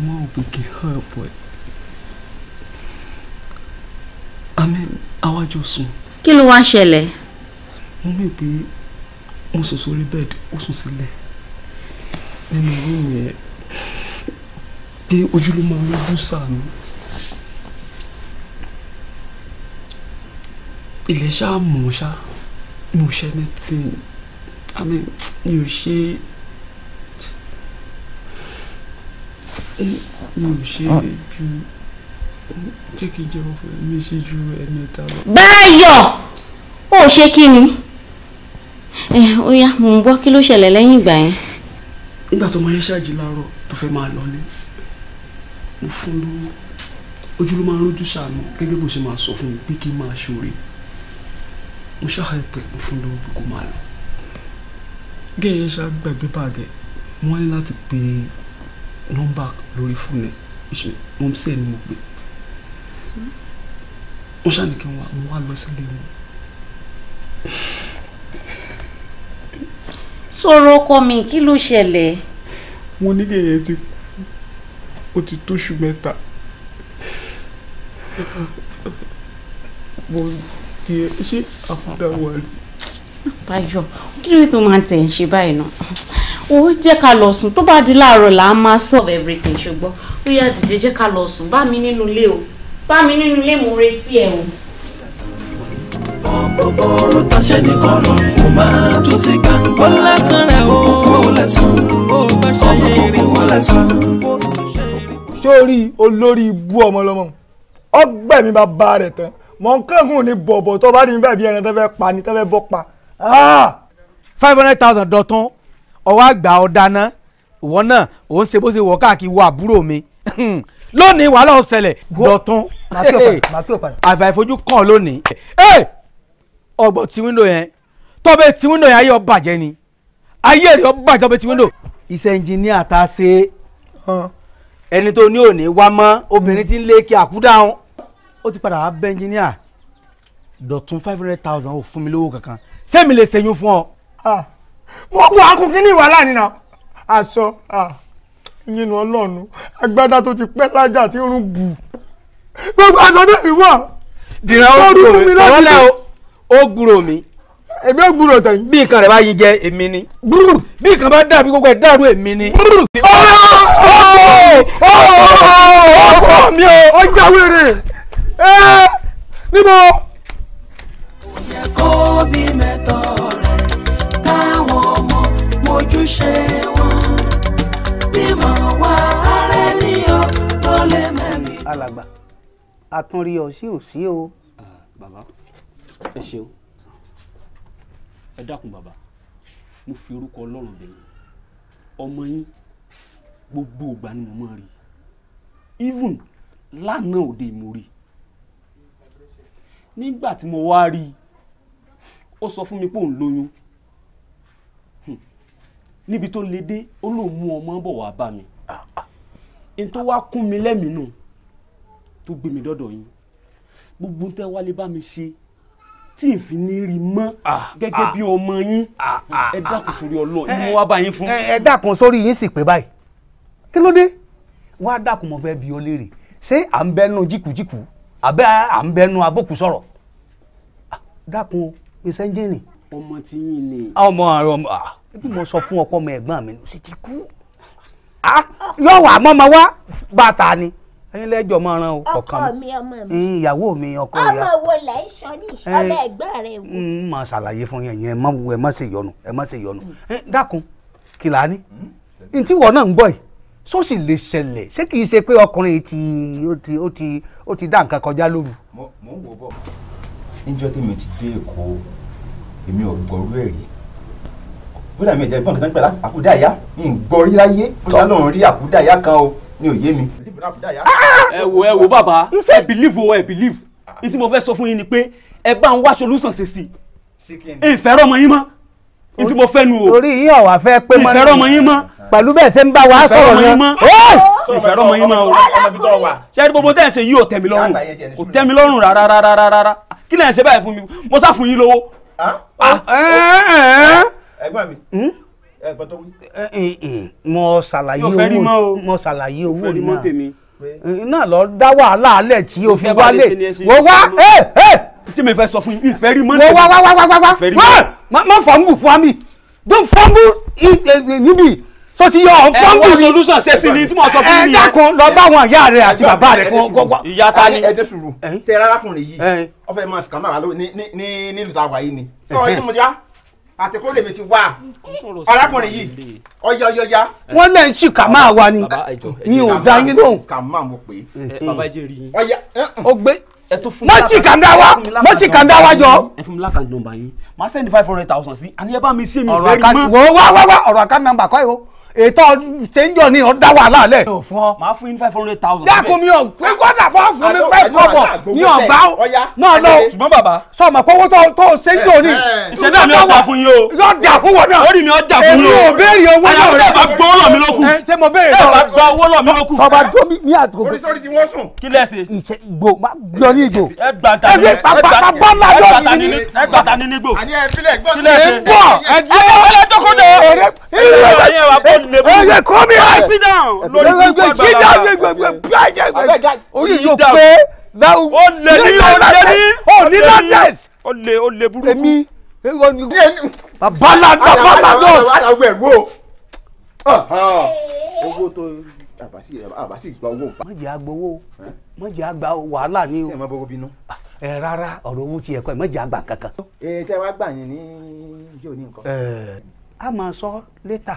S1: mo wá òpin kì í help ẹ̀ àmì awájọ sùn.
S2: kí ló wá ṣẹlẹ̀.
S1: mo mì pé mo sùn sórí bẹ́ẹ̀dì ó sùn sílẹ̀ nínú rúùmù yẹn pé ojúlówó máa ń lójú sàánú ilẹ̀ ṣáà mọ̀ ṣá mi ò ṣe anything i mean mi ò ṣe
S3: mi ò ṣe ah.
S1: ju jẹ́ kí n jẹ́ ọ̀fẹ́ mi ṣe ju ẹ̀mẹ́ta
S2: lọ. báyọ̀ ó ṣe kí ni ó yá mò ń gbọ́ kí ló ṣẹlẹ̀ lẹ́yìn ìgbà yẹn. nígbà tó máa ń ṣáàjì láàárọ̀ tó fẹ́ máa lọ ni
S1: mo fún lówó ojú ló máa ń rojú sànù gẹ́gẹ́ bó ṣe máa sọ fún mi pé kí n máa ṣòre mo ṣáà ẹ̀pẹ̀ mo fún lówó bí kò máa lọ. gẹ́gẹ́ ṣá gbàgbé báàgẹ̀ mo wá ní láti pe nọ́mbà lórí fóònù ẹ̀ mo ń sẹ́ẹ̀ ni mo pè mo ṣáà kí n
S2: wá lọ sílé mi. sọ̀rọ̀ ọkọ mi kí ló ṣẹlẹ̀.
S1: mo ní kí èèyàn ti
S2: ó ti tóṣù mẹ́ta mo tiẹ̀ ṣé àbúdá wà ní. Báyọ̀ kí ló tó máa ń tẹ̀ ń ṣe báyìí náà ó jẹ́ ká lọ sùn tó bá di láàárọ̀ là á máa solve everything ṣùgbọ́n ó yá dìde jẹ́ ká lọ sùn bá mi nínú ilé o bá mi nínú ilé mo retí ẹ o.
S4: Bọ̀bọ̀rọ̀ taṣẹ́ nìkan nù, mo máa tún sí gbàngbà. Ó lẹ́sàn rẹ̀ o, ó lẹ́sàn, ó bá ṣayé rí. Ó lẹ́sàn sórí
S1: olórí ibú ọmọ lọmọ ọgbẹ́mi bàbá rẹ̀ tán mọ̀ nkánkùn ní bọ̀bọ̀ tó bá rí mi bẹ́ẹ̀ bí ẹran tó fẹ́ pa ni tó fẹ́ bọ́ pa. Ah! five hundred thousand dọ̀tún ọwọ́ àgbà ọ̀dáná ìwọ náà òun ṣe bó ṣe wọ̀ káàkiri wọ àbúrò mi lónìí wàhálà ó ṣẹlẹ̀ dọ̀tún àfà ìfojú kàn lónìí. ọgbọ̀n ti wíńdò yẹn tọ́bẹ̀ ti wíńdò yẹn ayé ọ bàjẹ́ ni ayé rẹ̀ ọ bàjẹ́ ọbẹ̀ ti wíńdò. iṣẹ́ ẹnjìníà ta ṣe ẹni tó ní òní wá mọ́ obìnrin tí ń lé kí àkúdáhùn ó ti padà wá bẹ́ ẹnjìníà dọ̀tún five hundred thousand ò fún mi lówó kankan sẹ́mi lè ṣẹ́yún fún ọ.
S2: mo kó akun kí ni ìwàhálà nínà.
S1: aṣọ yínú ọlọ́run agbádá tó ti pẹ́ lájà tí ń rún bù gbogbo aṣọ tẹ̀mí wà. dìrà ó gbúrò mi ọ̀rọ̀ o ó gbúrò mi èmi ò gbúrò tẹ̀yìn. bí nǹkan rẹ̀ bá yí jẹ èmi ni. bí nǹkan bá dàbí gbogbo ẹ̀ dàrú èmi ni. ọkọ mi ò ó jà wèrè níbo.
S4: yẹ kó bí mẹ́tọ́ rẹ̀ káwọn ọmọ mojúṣe wọn bímọ wá ara ẹni
S1: ọ tó lè mẹ́mí. alàgbà a tún rí ọ sí òsí o. Ah, bàbá ẹ ṣeun ẹ dákun bàbá mo fi orúkọ ọlọ́run bẹ̀yìn ọmọ yín gbogbo ìgbà ni mo máa rí even lánàá òde mo rí nígbà tí mo wá rí ó sọ fún mi pé òun lóyún hmm. níbi tó le dé ó lóun mú ọmọ bọ̀ wá bá mi n tó wá kún mi lẹ́mìí tó gbé mi dọ́dọ̀ yín gbogbo ń tẹ́ wálé bá mi ṣe tí n fi ní rí mọ́ ah, ah, gẹ́gẹ́ bí ah, ọmọ yín ẹ dákun torí ọlọ ni eh, mo wá bá yín fún. ẹ eh, eh, dákun sórí yín sì pé báyìí kí ló dé wá dákun mo fẹ́ bi ọ léèrè ṣé à ń bẹnu jìkùjìkù àbẹ́ à ń bẹnu abókù sọ̀rọ̀ dákun pèsè ẹ́ńjìnì. ọmọ tí yín ni. ọmọ ọmọ ẹbí mo sọ fún ọkọ ọmọ ẹ̀gbọ́n mi ló sì ti
S3: kú yọ wà mọ́ ọmọ wa
S1: bàtà ni ẹ̀yin lẹ́jọ́ máa ran ọkàn ọkọ mi ọmọ mi ìyàwó mi ọkọ ìyá ọmọ
S3: wo lẹ ń sọ ní ìṣọlẹ ẹ̀gbọ́n rẹ wò.
S1: n máa ṣàlàyé fún yẹn yẹn má wo ẹ má ṣe yọnu ẹ má ṣe yọnu dákun kìlà ni n tí wọ náà ń gbọ́ yìí sọ sì lè ṣẹlẹ̀ ṣé kìí ṣe pé ọkùnrin yìí ti ó ti ó ti ó ti dá nǹkan kọjá lóru. mo ń wò bọ̀ níjọ́ tí mi ti dé èkó èmi ò gbọ́rú ẹ̀ rí bóyá mi ìjẹ́ ìbọn kìtàn pẹ̀lú àkúdàáyá mi ń gbọ́ rí láyé bóyá lóun rí àkúdàáyá kan o ni òye mi. ẹ wo ẹ wo bàbá ẹ believe o ẹ believe ìtí ah. mo fẹ́ sọ fún yín ni pé ẹ bá ń wá solution ṣe sí i ìfẹ́rọ̀ ọmọ yín mọ́ ìtí mo fẹ́ nu o orí yín ọ̀wà fẹ́ pé mọ́ ìfẹ́rọ̀ ọmọ yín mọ́ pẹ̀lú bẹ́ẹ̀ ṣe ń bá wa sọ̀rọ̀ yẹn ìfẹ́rọ̀ ọmọ yín mọ́ o ṣe é gbogbo tẹ́ẹ̀ ṣe yí ò tẹ́ mi lọ́rùn ò tẹ́ mi lọ́rùn rárá rárá rárá kí lẹ́yìn ṣe báyìí fún mi mo sá fún yín lówó. Ah? Ah, eh, eh, eh. ẹ̀gbọ́n mi hmm? ẹ gbọ́ tó wí. mo ṣàlàyé owó mo ṣàlàyé owó náà náà lọ dá wàhálà alẹ̀ tí o fi wálé wò wá tí mi fẹ́ sọ fún yín ìfẹ́ rí mọ́tò wò wá wá wá wá wá wá má fọ́ngù fún mi don fọ́ngù níbi tó ti yọ ọ̀n fọ́ngù ni solution ṣe sí ni tí mo sọ fún mi yẹn. ẹ dákun lọ bá àwọn ìyá rẹ àti bàbá rẹ kó gbọ́. ìyá ta ni ẹdẹ sùúrù ṣe arákùnrin yìí ọfẹ mọ sùkàmà wà lónìí nílùú tàwa yìí ni. sọ yìí mo ti wá àtẹkọ́ lèmi ti wá arákùnrin yìí ọ̀yà ọ̀yà. Eh. wọ́n lẹ̀ ń ṣìkà máa wa ni mi ò dá yín lóhùn. kà máa mo pè é. bàbá ìjẹ́ rí yín. ọ̀yà ó gbé mo sì kàn dá wa mo sì kàn dá wa jọ. ẹ fún mi lákàtúntò nọ́mbà yín màá sẹ́ni five hundred thousand sí àní ẹ bá mi sí mi fẹ́ẹ́ rí mọ́. ọ̀rọ̀ àká wọ́n wá wá ọ̀rọ̀ àká nọ́mbà kọ́ yìí o ètò ṣẹ́ńjọ ni ọ̀ dá wàhálà lẹ̀. yóò fún ọ máa fún yín five hundred thousand. dákun mi ò pé kọ́dà bọ́ fún mi five kọ́bọ̀ ní ọ̀gbá náà lọ. ṣùgbọ́n bàbá. sọ ma pé owó tó tó ṣẹ́ńjọ ni. ìṣẹ̀dá mi ọjà fún yín o. yóò dà fún wọn náà. lórí mi ọjà fún yín o. èmi ò béèrè owó náà rẹ. ẹ bá gbọ́ owó lọ mi lókù. ṣé mo béèrè lọ. ẹ bá gbọ́ owó lọ mi lókù. tọba tó mi ní mẹ́bù. ẹ ẹ kọ́ mi ẹ. ẹ sit down
S4: lórí gbogbo àgbàlagbà. orí yóò pé. o lè ní o lè ní. o ní latest.
S1: o lè o lè burúkú. èmi babalada babalada. owó tó àbásí gba owó nfa. má jẹ́ agbowó má jẹ́ agba wàhálà ni o. ẹ má bọ́ bínú. Ah, ẹ rárá ọ̀rọ̀ owó ti ẹ̀kọ́ ẹ má jẹ́ agba kankan. ẹ eh, tẹ wá gbà yín ní yóò ní nǹkan. ẹ eh, a máa sọ lẹ́tà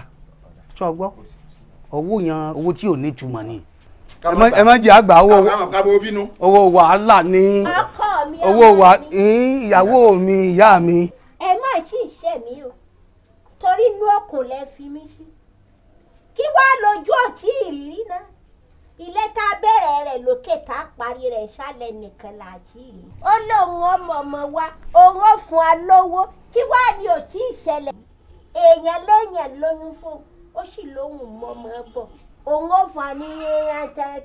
S1: sọ gbọ́ owó yan owó tí ò ní túmọ̀ ni ẹ má jẹ́ àgbà owó owó wàhálà ni owó wa ìyàwó mi ìyá mi.
S3: ẹ má ṣì ṣe mí o torí inú ọkàn lẹ fi mí sí kí wàá lójú ọtí ìrírí náà ilé tá a bẹ̀rẹ̀ rẹ̀ lókè tá a parí rẹ̀ ṣálẹ̀ nìkan là á jí rí. ó lóun ọmọ ọmọ wa òun ó fún wa lówó kí wàá ní òtí ìṣẹ̀lẹ̀ èèyàn léèyàn lóyún fún un ó sì lóhùn mọ́mọ́ bọ̀ òun ó fa ní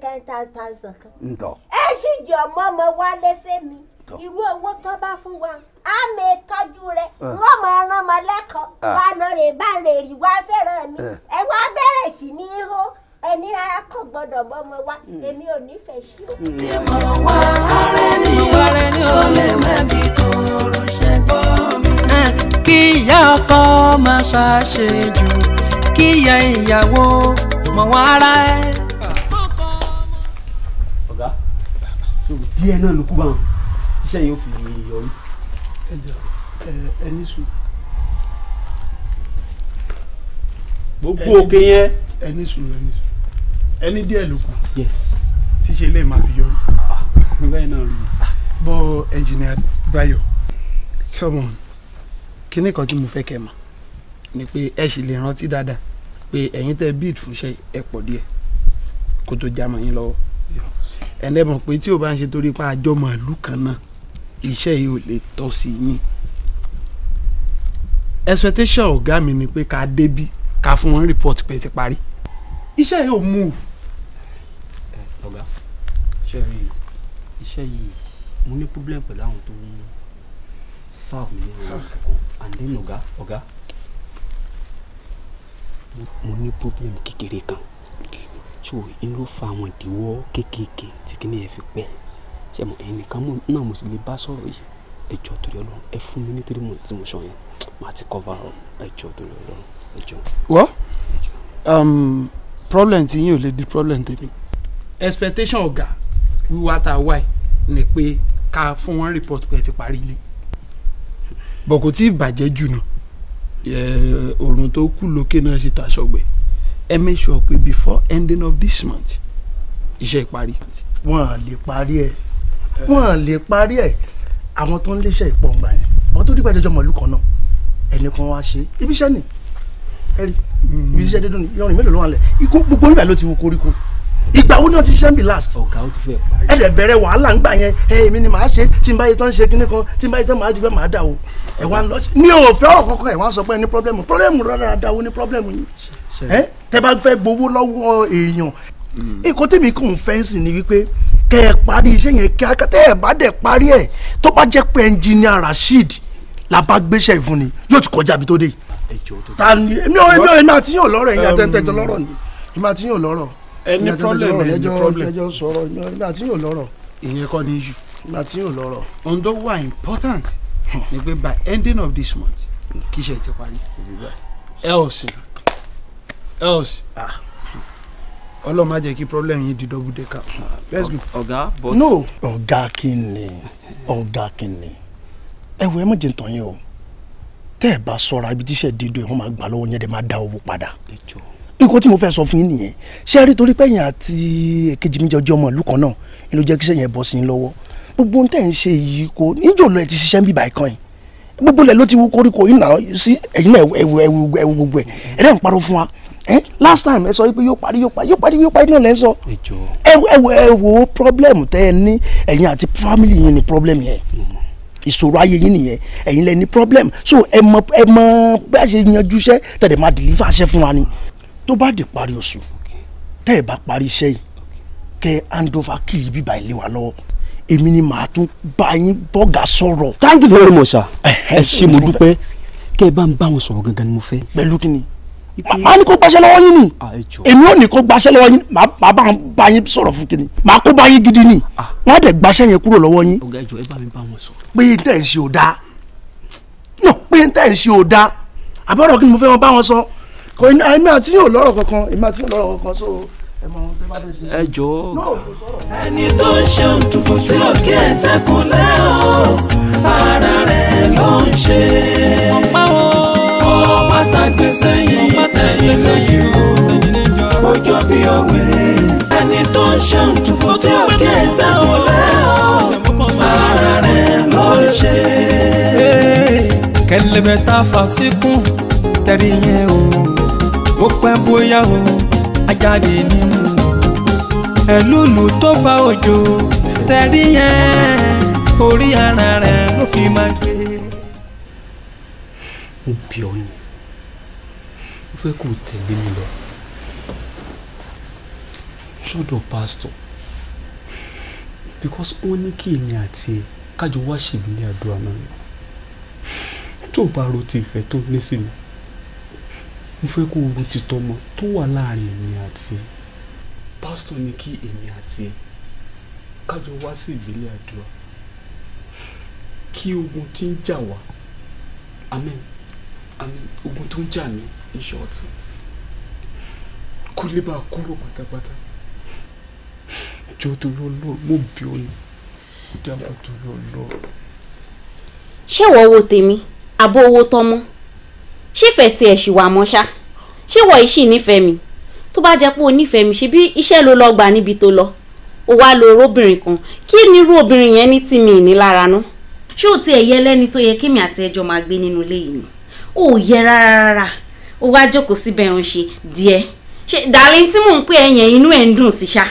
S3: kẹta thousand kan. ntọ. ẹ sì jọ mọ́mọ wálé fẹ́mi irú owó tó bá fún wa á mi tọ́jú rẹ̀ rọ́mọ rọ́mọ lẹ́kọ̀ọ́ wà lóore bá lè rí wá fẹ́ràn mi ẹ wá bẹ̀rẹ̀ sí ní hó ẹni rárá kò gbọdọ̀ mọ́mọ wa mm. èmi ò nífẹ̀ẹ́
S4: sí o. ìmọ̀ mm. wa ara ẹni ọ̀rẹ́ ni ó lè mẹ́bi tó ránṣẹ́ gbọ́ mi. kí ìyá ọkọ máa ṣàṣejù kíyà ìyàwó mọ̀ wọ́n ara ẹ.
S1: ọ̀gá díẹ̀ náà ló kú bá wọn tíṣẹ́ yóò fi yọrí. ẹni sùn.
S3: gbogbo òkè yẹn.
S1: ẹni sùn ẹni sùn ẹni díẹ̀ ló kù. yes. tíṣe lè máa fi yọrí. Ah, bẹ́ẹ̀ náà rí i. Ah, bọ́ ẹnjìnìà Báyọ̀ come on kí ni kan tí mo fẹ́ kẹ́ ẹ mọ̀ ni pé ẹ sì lè rántí dáadáa pé ẹ̀yin tẹ́ bid fúnṣẹ́ ẹ pọ̀ díẹ̀ kó tó já mọ́ yín lọ́wọ́ ẹ̀ndẹ́ pé tí o bá ń ṣe torí pa àjọ màálù kan náà iṣẹ́ yìí ò lè tọ́ sí yín expectation ọ̀gá mi ni pé ká débí ká fún wọn report pé ti parí iṣẹ́ yìí ò move. ọ̀gá ṣe rí iṣẹ́ yìí mo ní problem pẹ̀lú àwọn tó ń serve mi ní àwọn ọ̀gá ọ̀gá ọ̀gá mo ní problem kékeré kan so inú fa àwọn ìdíwọ́ kéékèèké tí kíní yẹn fi pẹ́ ṣe mo ẹ̀yin nìkan náà mo sì lè bá sọ̀rọ̀ yìí ẹjọ́ torí ọlọ́run ẹ fún mi ní three months tí mo sọ yẹn màá ti cover up ẹjọ́ torí ọlọ́run ẹjọ́. wọ́ um, problem tí yín ò lè di problem tèmi. expectation ọ̀gá wíwá tá a wá ẹ̀ ni pé ká fún wọn report pé ẹ ti parí ilé bọ̀ kò tí ì bàjẹ́ jù náà òrùn tó kù lókè náà ṣe tàṣọgbẹ ẹ make sure pé before ending of this month iṣẹ́ parí. wọn à lè parí ẹ wọn à lè parí ẹ àwọn tó ń léṣẹ́ ìpọ̀nba yẹn wọn tó dìgbà jẹjọ mọ̀lú kan náà ẹnì kan wá ṣe ibiṣẹ́ ni ẹ rí ibiṣẹ́ dédú ni yọrin mélòó ló wà lẹ̀ ikú gbogbo nígbà ló ti wo koríko ìgbà wo náà ti ṣe ń bì last. ọ̀gá ó ti fẹ́ parí. ẹ lè bẹ̀rẹ̀ wàhálà ńgbà yẹn ẹ èmi ni màá ṣe tí n bá yẹ tán ṣe kinní kan tí n bá yẹ tán màá dìgbẹ́ màá dà o. ẹ wá ń lọ sí ní òfẹ́ ọ̀rọ̀ kankan ẹ wá ń sọ pé ẹ ní pọ́blẹ́mù pọ́blẹ́mù rárá da o ní pọ́blẹ́mù yìí. ẹ tẹ bá fẹ́ gbowó lọ́wọ́ èèyàn. èkó hmm. tèmi kò ń fẹ́ sí ni wípé kẹ ẹ parí iṣẹ́ yẹn kí akátẹ́ ẹ bá dẹ̀ parí ẹ̀ tó bá jẹ́ pé ẹnjìníà Rasheed la bá gbéṣẹ́ ìfún ni yóò ti kọjá ibi tó dé. ta ni
S4: èmi ò èmi àti yín
S1: ò lọ́rọ̀ ẹ̀yin àtẹ̀tẹ̀ lọ́rọ̀ ni èmi àti yín ò lọ́rọ̀ ẹni problem ẹni problem ẹjọ sọ̀rọ̀ nígbà tí yóò lọ́rọ̀. ìyẹn kọ́ ni issue. nígbà tí yóò lọ́rọ̀. ohun tó wà important ni pé by ending of this month kí iṣẹ́ ti parí. else else ah. ọlọ́run má jẹ́ kí problem yìí di double decker. let's go. ọ̀gá but. no ọ̀gá kí ni ọ̀gá kí ni ẹ wo ẹ má jẹ́ ntàn yín o tẹ́ ẹ bá sọ̀rọ̀ ibi tíṣẹ́ dídò yìí wọ́n máa gbà lọ́wọ́ yẹn dẹ̀ máa da owó padà. ẹ jọ̀ọ́ nǹkan tí mo fẹ́ sọ fún yín nìyẹn ṣé rí torí pẹ́yìn àti èkejì mi jọjọ́ ọmọ ìlú kan náà ni jẹ́ kí sẹ́yìn ẹ̀ bọ́ sí i lọ́wọ́ gbogbo ohun tẹ̀ ń ṣe yìí kò níjò lọ ẹ̀ ti ṣiṣẹ́ ń ẹ̀ kan yìí gbogbo lẹ̀ ló ti wú koríko yìí náà sí ẹ̀yìn náà ẹ̀wù gbogbo ẹ̀ ẹ̀ dẹ̀ parọ́ fún wa last time ẹ sọ pé yóò parí yóò parí yóò parí yóò parí náà lẹ́ sọ ẹ̀wù ẹ̀wù problem tẹ́ ẹ ní ẹ̀yìn àti family yìí ni problem yẹn ìṣòro ayé yín nìyẹn ẹ̀yin lẹ ní problem so ẹ mọ ẹ mọ bá ṣe yanjú iṣẹ́ tẹ̀lé máa deliver iṣẹ́ fún wa ni. Mm -hmm tó bá di parí oṣù tẹ́ ẹ bá parí iṣẹ́ yìí kẹ́ ẹ handover kìlì bíbá ilé wa lọ́wọ́ èmi ni màá tún bá yín bọ́gà sọ̀rọ̀. thank you very much sir
S4: ẹ ṣé mo dúpẹ́
S1: kẹ́ ẹ bá ń bá wọn sọ̀rọ̀ gangan ni mo fẹ́. pẹ̀lú kí ni màá ní kó gbàṣẹ lọ́wọ́ yín ni èmi ò ní kó gbàṣẹ lọ́wọ́ yín màá bá wọn bá yín sọ̀rọ̀ fún kíni màá kó bá yín gidi ni wọ́n á dẹ̀ gbàṣẹ yẹn kúrò lọ́wọ́ yín. ọ̀gá ìjọ ẹ bá mi bá wọn sọ. pé n tẹ̀ ń ṣe ò dáa no pé n tẹ̀ ń ṣe ò dáa kò èmi àti yóò lọ́rọ̀ kankan èmi àti yóò lọ́rọ̀ kankan
S4: so ẹ mọ tẹ bá fẹ́ ṣe. ẹ jọ̀ọ́. ẹni tó ń ṣe òtúfò tí òkè ẹsẹ̀ kò lẹ́ o ara rẹ̀ ló ń ṣe. ọ̀pá o. ọba tàgbé sẹ́yìn ẹ̀yìn lójú o bí òwe. ẹni tó ń ṣe òtúfò tí òkè ẹsẹ̀ kò lẹ́ o ara rẹ̀ ló ń ṣe. kẹlẹbẹ tá a síkún tẹ̀rí yẹn o ó pẹ́ bóyá o ajáde nínú o tó fa òjò tẹ̀rí yẹn orí ara rẹ̀ ló fi máa gbé.
S1: mo bí ọ ni mo fẹ́ kó o tẹ̀lé mi lọ sọ́dọ̀ pásítọ̀ because ó ní kí èmi àti ẹ kájọ wá ṣèlú ní àdúrà náà tó bá ro ti ìfẹ́ tó ní sí mi mo fẹ́ kó o ro títọ́ ọmọ tó wà láàrin èmi àti ẹ pásítọ̀ ní kí èmi àti ẹ kájọ wá sí ìgbélé àdúrà kí ogun tí ń jà wá amen amen ogun tó ń jà mí in short kó lè bá a kúrò pátápátá jọ torí ọlọ́run mo bí ọ ni dábàá torí ọlọ́run.
S2: ṣé ìwọ wo tèmi àbó owó tán ṣífẹ̀ẹ́ tiẹ̀ ṣì wà mọ́ ṣá ṣé wọ̀ yìí ṣì nífẹ̀ẹ́ mi tó bá jẹ́ pé o nífẹ̀ẹ́ mi ṣebí iṣẹ́ ló lọ gbà níbi tó lọ o wá lo orobìnrin kan kí ni irú obìnrin yẹn ní tì mí ní lára nú. ṣé o tiẹ̀ yẹ lẹ́ni tó yẹ kémi àti ẹjọ́ máa gbé nínú ilé yìí ni o ò yẹ rárá rárá o wá jókòó síbẹ̀ ń ṣe díẹ̀ ṣe darling tí mò ń pè ẹ̀yẹn inú ẹ̀ ń dùn sí ṣá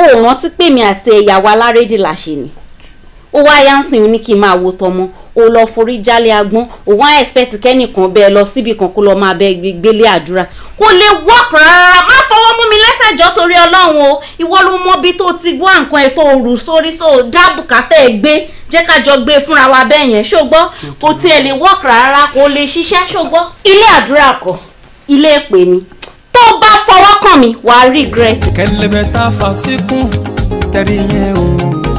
S2: o rántí pé mi àti ẹ̀yàwó alárédè làṣẹ ni ó wá yánsìn ní kí n máa wo tọmọ ó lọ forí jálẹ̀ agbọ́n òun á expect kẹ́nìkan bẹ́ẹ̀ lọ síbi kan kó lọ máa bẹ gbélé àdúrà kò lè work rárá má fọwọ́ mú mi lẹ́sẹ̀ jọ torí ọlọ́run o ìwọ ló mọ bí tó ti gbọ́ nǹkan ẹ̀ tó rù sórí so dá bùkátà ẹ̀ gbé jẹ́ ká jọ gbé e fúnra wa bẹ́ẹ̀ yẹn ṣògbọ́ kò tiẹ̀ lè work rárá kò lè ṣiṣẹ́ ṣògbọ́. ilé àdúrà kọ́ ilé èpè ni tó bá fọwọ́ kàn mí wàá regret. kẹlẹbẹ tá a fà síkún tẹrí yẹn o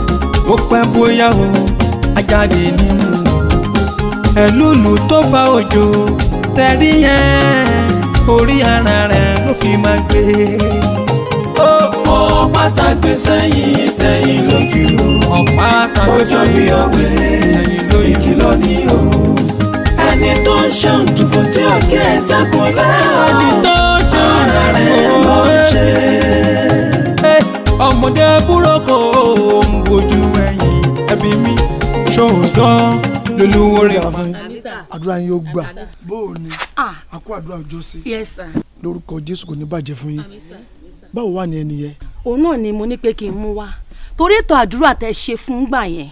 S2: ó pẹ́ bóyá o
S4: ajáde nínú ẹ̀lúlù tó fa òjò tẹ̀rí yẹn orí ara rẹ̀ ló fi máa gbé. ó pátá gbé sẹ́yìn tẹ̀yìn lójú o ọ̀pá àtàgbé sẹ́yìn òwe ìkìlọ̀ ni o ẹni tó ń ṣe òtúfò tí ọ̀kẹ́ ẹ̀ sákòlá ẹni tó ń ṣe ọmọdé búrọ́kọ. ṣòótọ́
S1: lolúwórè ọ̀fun. àdúrà yín yóò gbà bóò ni ah. a kó àdúrà òjò sí lórúkọ jésù kò ní bàjẹ́ fún yín báwo wà ní ẹni yẹn. òun náà ni mo ní pé kí n mú wá torí ètò àdúrà tẹ ṣe fún gbà yẹn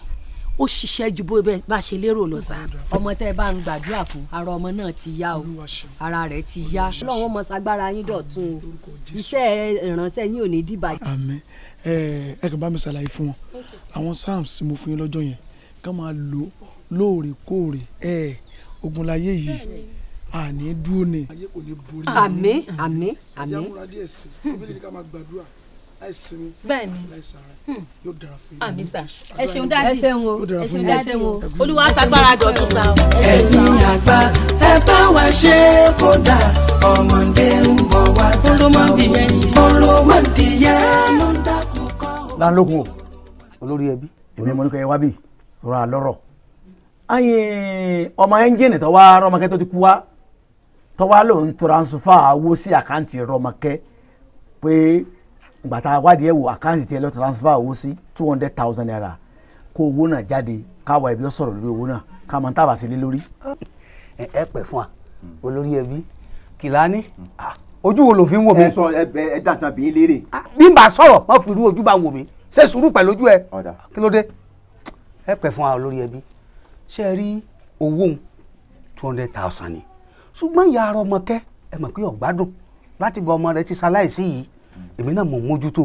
S1: ó ṣiṣẹ́
S3: ju bó bá ṣe lérò lọ sá. ọmọ tẹ́ ẹ bá ń gbàdúrà fún ara ọmọ náà ti yá o ara rẹ̀ ti yá ọlọ́run mọ sagbára yín dọ̀tun o iṣẹ́ ìránṣẹ́ yín ò ní dìbàjẹ́.
S1: ẹ ẹ kàn bá mi ṣàlàyé fún wọn àwọn psalms mo fún yín lọ́jọ́ yẹn kán máa lò lóòrèkóòrè ẹ ogun láyé yìí àní
S3: dúró ni. ayé kò ní borí. àmín àmín àmín. ajá
S1: múra díẹ̀ sí i obìnrin ni ká máa gbàdúrà láìsinmi àti láìsàárẹ̀ hmm. yóò dára fún yín. àmín sà ẹ ṣeun dáàdì ẹ ṣeun
S4: dáàdì ẹ ṣeun olúwa ṣàgbára jọ tún sá. ẹ̀yin àgbà ẹ bá wa ṣe kódà ọmọdé ń bọ̀ wá. olómọdìyẹ olómọdìyẹ ló ń dákú
S1: kọ́. láńlọ́kùn olórí ẹbí èmi mọ̀ ní ẹ wá bíi. rọra lọ́rọ̀ anyị ọmọ ẹ́ńjìnì tọwa wá tọ ti kú wá tó wá ló ń transfer owó sí àkáǹtì rọmọkẹ́ pé transfer two hundred thousand naira kó owó náà jáde káwa ẹbí ó lórí owó náà ká máa ń tàbà sí lórí. ẹ fún wa hmm. olórí ẹbí hmm. Hmm. Ah, ojú wo ló fi ń wò mí. ẹ sọ ẹ léèrè. Ah, bí n bá ẹ pẹ́ fún wa olórí ẹbí ṣe rí owó two hundred thousand ni ṣùgbọ́n ìyá ara ọmọ kẹ́ ẹ mọ̀ pé ọ̀gbádùn láti gba ọmọ rẹ ti ṣaláìsí yìí èmi náà mọ̀ mójútó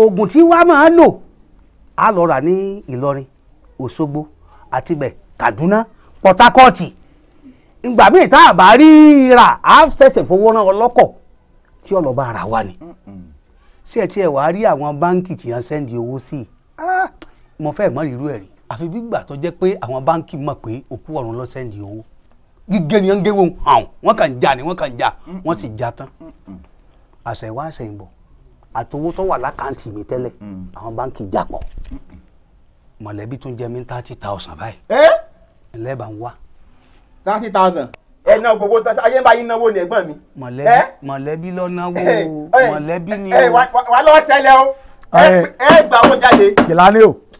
S1: oògùn tí wàá máa lò á lọ rà ní Ìlọrin Òṣogbo àtibẹ̀ Kaduna Port Harcourt ìgbà míì tá a bá rí rà á ṣẹ̀ṣẹ̀ fowó rán ọlọ́kọ̀ tí ọlọ́ba ara wa ni ṣé ẹ tiẹ̀ wàá rí àwọn báńkì tí wọ́n sẹ́ndì owó sí i ah, mo fẹ́ mọ́ irú ẹ̀ àfi gbígbà tó jẹ́ pé àwọn báńkì mọ̀ pé òkú ọ̀run ló sẹ́ndì owó gígé ni ń hàn wọ́n kàn já ni wọ́n kàn já wọ́n sì já tán àṣẹ wá àṣẹ tó wà lákàntì mi tẹ́lẹ̀ àwọn báńkì já pọ̀ mọ̀lẹ́bí tún jẹ́ mi thirty thousand báyìí ẹlẹ́bàá ń wá. thirty thousand ẹ náà gbogbo tán ayé ń bá yín náwó ni ẹ̀gbọ́n mi. mọ̀lẹ́bí lọ náwó mọ̀lẹ́bí ni o. wà á lọ ṣẹlẹ̀ o
S2: ẹ gbà owó jáde.
S1: kìlá ni o.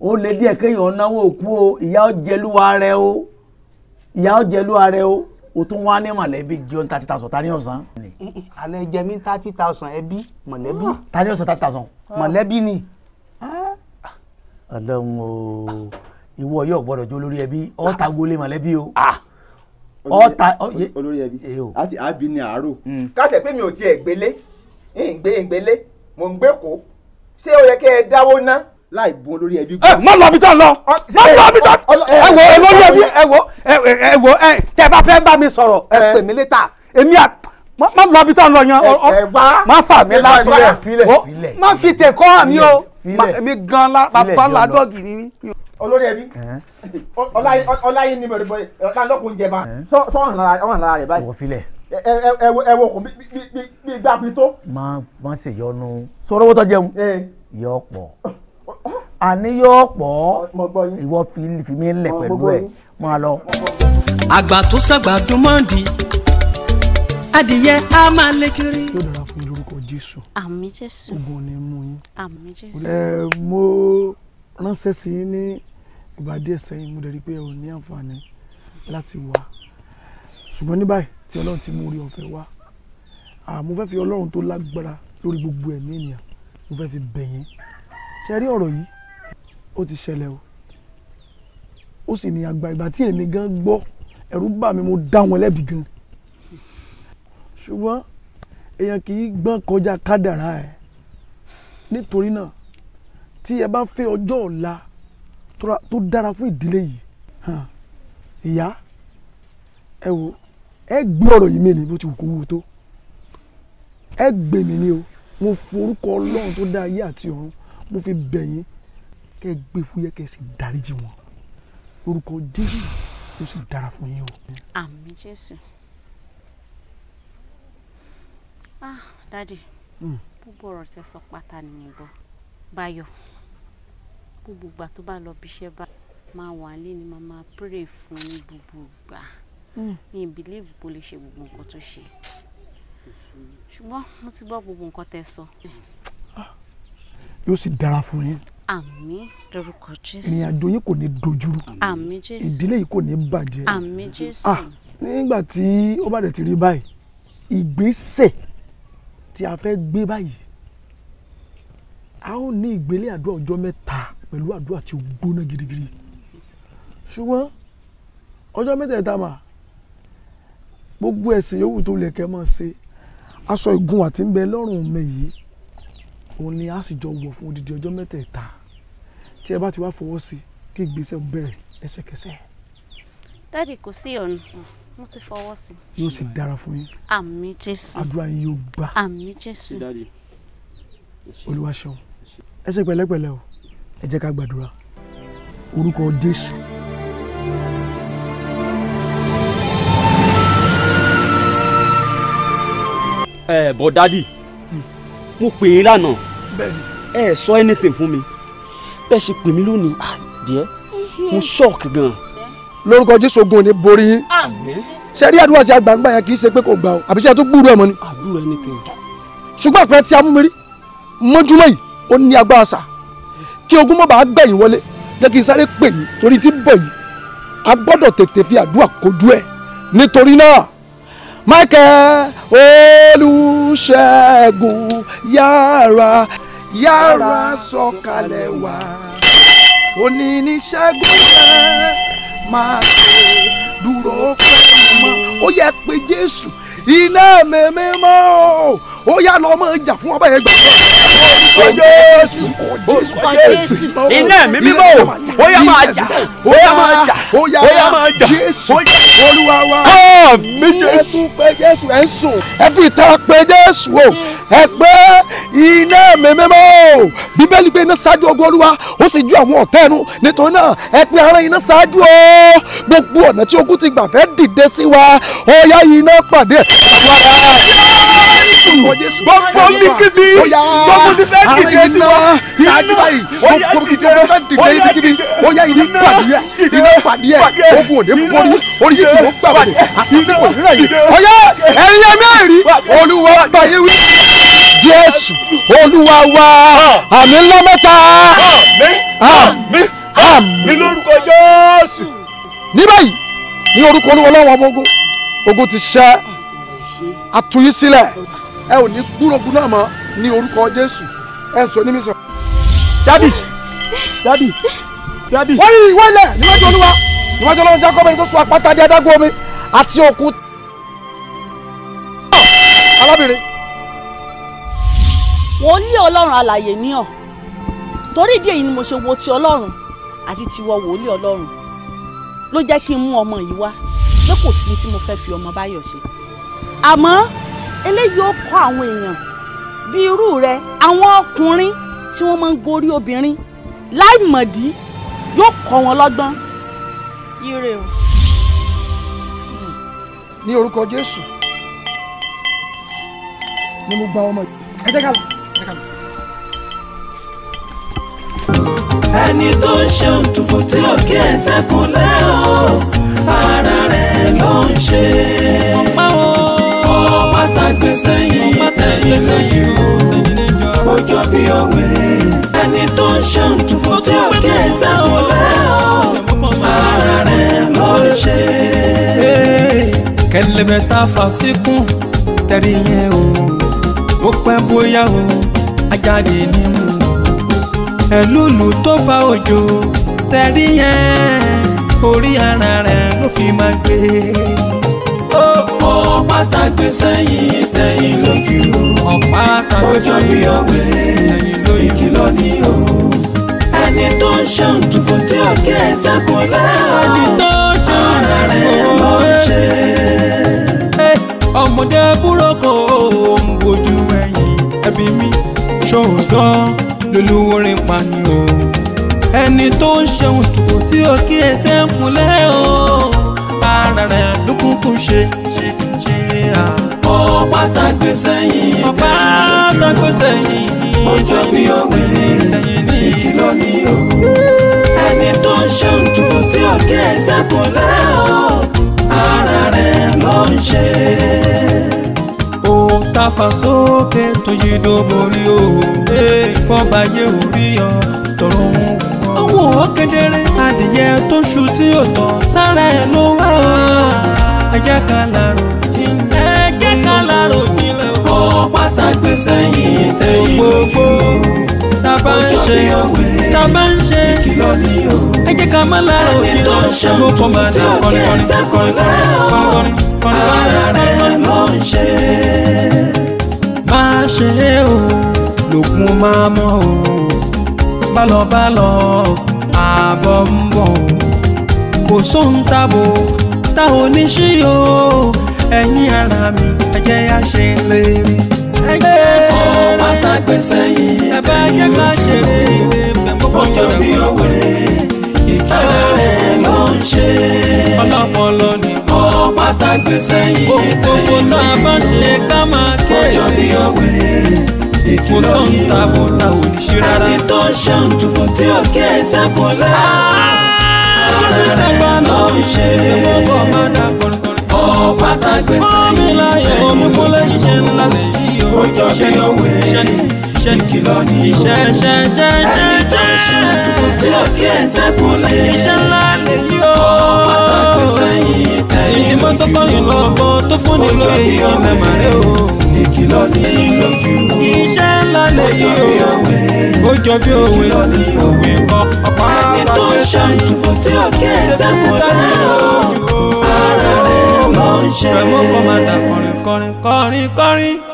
S1: ó lé díẹ̀ kéèyàn náwó òkú o ìyá ọ̀jẹ̀lúwa rẹ o ìyá ọ̀jẹ̀lúwa rẹ o o tún wá ní mọ̀lẹ́bí jọ thirty thousand ta ní ọ̀sán. àlẹ́ jẹ mí thirty thousand ẹbí mọ̀lẹ́bí. Ah, ta ní ọ̀sán thirty thousand. Ah. mọ̀lẹ́bí ni. Ah. ọlọ́run o ìwọ yóò gbọ́dọ̀ jó lórí ẹbí ọ̀ọ́ta gbolé mọ̀lẹ́bí o ọ̀ọ́ta olórí ẹbí àti àbí ni àárò. Hmm. káṣẹ pé mi ò tiẹ̀ gbélé ń gbé ń gbélé mò ń gbé kó ṣé ó yẹ kẹ́ ẹ dáwó ná láì bun olórí ẹbí. ẹ mọ lọ mi tán lọ mọ lọ mi tán ẹ wo ẹ lórí ẹbí ẹ wo ẹ wo ẹ tẹ bá fẹ́ bá mi sọ̀rọ̀ ẹ pè mí létà èmi à má lọ bí tán lọ yan má fà mí lásán má fi tẹ kọ́ àmì o mi gan bàbá ládọ́gì ni. olórí ẹbí ọláyé ni mo rí bọ ọlọ́kùn jẹba sọ ọ̀hún lára rẹ báyìí. wọ́n filẹ̀ ẹ wo kò bí gbàgbé tó. má má ṣèyọnu sọ̀rọ̀ wọ́tọ̀ jẹun yọ pọ̀ àní yóò pọ̀ ìwọ fi mí lẹ̀ pẹ̀lú ẹ̀ máa lọ. àgbà tó sàgbà dùnmọ́ǹdì
S4: adìyẹ á máa lé kiri. yóò
S2: dára fún yín lórúkọ jésù. àmín jésù. ogun ni mú yín. àmín jésù. ẹ
S1: mo ránṣẹ́ sí yín ní ìgbà díẹ̀ sẹ́yìn mo dẹ̀ pé ẹ ò ní àǹfààní láti wá ṣùgbọ́n ní báyìí tí ọlọ́run ti mú orí ọ̀fẹ́ wá mo fẹ́ fi ọlọ́run tó lágbára lórí gbogbo ẹ̀mí ènìyàn mo fẹ́ fi bẹ̀yìn ṣe rí ọ̀rọ̀ yìí ó ti ṣẹlẹ̀ o ó sì ní àgbà ìgbà tí èmi gan gbọ́ ẹ̀rù bà mí mo dá wọn lẹ́bi gan ṣùgbọ́n èèyàn kì í gbọ́n kọjá kádàrá ẹ̀ nítorí náà tí ẹ bá fẹ́ ọjọ́ ọ̀la tó dára fún ìdílé yìí ìyá ẹ wo ẹ gbé ọ̀rọ̀ yìí mi ni bó ti wù kó wù tó ẹ gbè mí ni o mo forúkọ ọlọ́run tó dá ayé àti ọ̀run mo fi bẹ̀ yín kẹ́ ẹ gbé fúyẹ́ kẹ́ ẹ sì dáríjì wọn orúkọ jésù ló sì dára fún yín o.
S2: àmín jésù ah dadi hmm. gbogbo ọ̀rọ̀ tẹ́ sọ pátá nìyẹn bọ́ báyọ̀ gbogbo ìgbà tó bá lọ bíṣẹ́ bá máa wà lé ni màá máa pray fún ní gbogbo ìgbà hmm. mi ì believe bó lè ṣe gbogbo nǹkan tó ṣe ṣùgbọ́n mo ti gbọ́ gbogbo nǹkan tẹ́ sọ. So
S1: yóò sì dára fún yín.
S2: àmín lórúkọ jésù. ìrìn àjò
S1: yín kò ní dojúrú.
S2: àmín jésù. ìdílé
S1: yìí kò ní bàjẹ́.
S2: àmín jésù. ah
S1: nígbà tí ó bá dẹ̀ ti rí báyìí ìgbésẹ̀ tí a fẹ́ gbé báyìí a ó ní ìgbélé àdúrà ọjọ́ mẹ́ta pẹ̀lú àdúrà tí ó gbóná gidigidi ṣùgbọ́n ọjọ́ mẹ́tẹ̀ẹ̀ta mà gbogbo ẹ̀sìn yòówù tó lẹ̀kẹ́ mọ́ ṣe aṣọ ìgun àti ń bẹ lọ́rùn mi yìí òun ni a sì jọ wọ̀ fún odidi ọjọ́ mẹ́tẹ̀ẹ̀ta tí ẹ bá ti wá fọwọ́ sí kí gbèsè bẹ̀rẹ̀ ẹsẹ̀kẹsẹ̀.
S2: dáàdì kò sí ọ̀nà mo ti fọwọ́ sí.
S1: yóò sì dára fún yín.
S2: àmín jésù. àdúrà yín yóò gbà. àmín jésù.
S1: olúwa ṣeun ẹ pẹ̀lẹ́pẹ̀lẹ́ o ẹ jẹ́ ká gbàdúrà orúkọ jésù. ẹ bọ dádì mo pè é lánàá bẹ́ẹ̀ni. ẹ ẹ sọ anything fún mi bẹ́ẹ̀ ṣe pè mí lónìí ah, díẹ̀ mo shock gan. lórúkọ jésù ogun ò ní borí yín ṣe rí àdúrà tí a gbà ń gbà yẹn kì í ṣe pé kò gbà o àbí ṣe gbúrú ẹ mọ ni. àdúrà anything. ṣùgbọ́n àpẹẹrẹ tí a mú mi rí mọ́júmọ́ yìí ó ní agbára sà kí ogun mọ́ bá gbẹ̀yìn wọlé jẹ́ kí n sáré pè yín torí tí bọ̀ yìí a gbọ́dọ̀ tètè fi àdúrà kojú ẹ̀ nítorí náà Michael Olùṣègùn yára yára
S4: sọ̀kalẹ̀
S1: wá òní ní ṣẹ́gun jẹ́ máa ṣe dúró pẹ́ mọ́ ó yẹ pé jésù iná mèmí mọ́ ó yá lọ́ mọ́ jà fún ọba ẹgbẹ́ orúkọ jésù orúkọ jésù iná mi mímọ́ o ó yá máa jà ó yá máa jà ó yá máa jà jésù olúwa wa mi jésù pé jésù ẹ ń sùn ẹ fi ìtara pé jésù o ẹ pé iná ẹ̀mí mímọ́ bíbélì gbé iná ṣáájú ogun olúwa ó sì ju àwọn ọ̀tá ẹnu nítorí náà ẹ pé ara iná ṣáájú o gbogbo ọ̀nà tí ogun ti gbà fẹ́ dìde sí wa ó yá iná pàdé àwọn
S4: ará
S1: jésù gbogbo níkíbi gbogbo ti fẹ́ dìde sí wa ṣáájú báyìí gbogbo ti fẹ́ dìde níbikíbi ó yá iná pàdé ẹ iná pàdé ẹ ogun òde borí orí yìí kò gbà wọlé àṣìṣe kò nílẹ̀ yìí ó yá ẹ̀yin ẹ̀ mẹ́rin olúwa báyé wí jésù olúwa wa àmì ńlá mẹ́ta àmì àmì lórúkọ jésù. ní báyìí ní orúkọ olúwa ọlọ́wọ́n ọmọ ogun ogun ti ṣẹ́ àtúyí sílẹ̀ ẹ ò ní gbúrògbú náà mọ́ ní orúkọ Jésù ẹ sọ ní mi sọ. dadi dadi dadi. wọ́n yí ìwé ilẹ̀ níwájú olúwa níwájú ọlọ́run jákọ́bẹ̀rẹ̀ tó sọ àpáta di adágún omi àti òkun.
S2: arábìnrin. wọ́n ní ọlọ́run alàyè ní ọ̀ torí ìdí èyí ni mo ṣe wo ti ọlọ́run àti tiwọ wòlíì ọlọ́run ló jẹ́ kí n mú
S1: ọmọ yìí wá pé kò sí ní tí mo fẹ́ fi ọmọ báyọ̀ ṣe àmọ́ eléyìí ó kọ́ àwọn èèyàn bí irú rẹ àwọn ọkùnrin tí wọ́n máa ń gorí obìnrin láì mọ̀dí yóò kọ́ wọn lọ́gbọ́n ire o. ní orúkọ Jésù ni mo gba ọmọ yìí ẹ jẹ́ ká lọ
S4: ẹni tó ń ṣe òtúfò tí òkè ẹsẹ̀ kò lẹ́ o ara rẹ̀ ló ń ṣe gbé sẹ́yìn ẹ̀yìn lójú ọjọ́ bí òwe ẹni tó ń ṣàǹtú fọ́tí òkè ìsàkólẹ́ ara rẹ̀ ló ń ṣe. kẹlẹbẹ tá a fà síkún tẹrí yẹn o ó pẹ́ bóyá o ajáde ní mu ẹlúlu tó fa òjò tẹrí yẹn orí ara rẹ̀ ló fi máa gbé ọ̀pá tàgbé sẹ́yìn tẹ̀yìn lójú o ọ̀pá tàgbé sẹ́yìn tẹ̀yìn lójú ìkìlọ̀ ni o ẹni tó ń ṣe òtúfò tí ọ̀kẹ́ ẹ̀ sẹ́kù lẹ́hàn ẹni tó ń ṣe ara rẹ̀ ló ń ṣe. ọmọdé búrọ́kọ̀ òun wojú ẹ̀yìn ẹbí mi ṣòótọ́ lolúworin pa ni o ẹni tó ń ṣe òtúfò tí ọ̀kẹ́ ẹ̀ sẹ́kù lẹ́hàn ara rẹ̀ ló ṣe ọ̀pá tàgbé sẹ́yìn ọ̀pá tàgbé sẹ́yìn ọjọ́ ni òwe ìkìlọ̀ ní o ẹni tó ń ṣe ojú tí ọ̀kẹ́ ìṣẹ́kùn lẹ́ o ara rẹ̀ ló ń ṣe. ó tafa sókè tó yí dóborí o kọ́ba yé orí ọ tọrọ òun wọ. kedere adìyẹ tó ṣu tí ò tán sára ẹ ló wá ẹ̀jẹ̀ kan là sẹ́yìn tẹ́yìn gbogbo tábà ń ṣe tábà ń ṣe ẹ jẹ́ ká má lára òjì lọ ṣe mo kọ́ bá ní ọkọrin kọrin kọrin kọrin kọrin ara rẹ̀ ló ń ṣe. má ṣe o lògùn máa mọ̀ o bálọ̀bálọ̀ àbọ̀ ń bọ̀ kò sóhun tábò tá ò ní ṣí o ẹ̀yin ara mi ẹ jẹ́ yá ṣe lérí ọ̀sán bàtà gbèsè yìí. ẹ bá yẹ ká ṣe rere fẹ́ mú kó jọ bí òwe ìtajà rẹ̀ ló ń ṣe. ọlọ́pọlọ ni mọ́ bàtà gbèsè yìí. ohun gbogbo náà bá ṣe ká máa kéèsì. kó jọ bí òwe ìkìlọ̀ yìí o ẹni tó ń ṣàǹtùfù tí ó kí ẹ ṣàkólá. ọ̀rẹ́ rẹ̀ ló ń ṣe. ọmọ ọmọ dàpọ̀ ọba tá a gbèsè yìí. fọ́ọ̀mì láyé olúkúlẹ̀ iṣẹ́ ńlá lè yí o. ó jọ bí òwe iṣẹ́ ìkìlọ̀ ní o. iṣẹ́ iṣẹ́ iṣẹ́ iṣẹ́ iṣẹ́ iṣẹ́ iṣẹ́ tí ó kí ẹsẹ̀ kò lè. iṣẹ́ ńlá lè yí o. ọba tá a gbèsè yìí tẹ̀yìn lójú. ìdìbò tó kọ́ni lọ́gbọ́n tó fún ni lóye ọ̀nà màrẹ́ o. ìkìlọ̀ ní lójú. iṣẹ́ ńlá lè yí o. ó bí òwe òwe ọ̀pá àgbàdo ṣàyìn fún tí ó kí ẹsẹ̀ kò lè ń ṣe. fẹ̀mú kọ́ máa ta kọrin kọrin kọrin kọrin.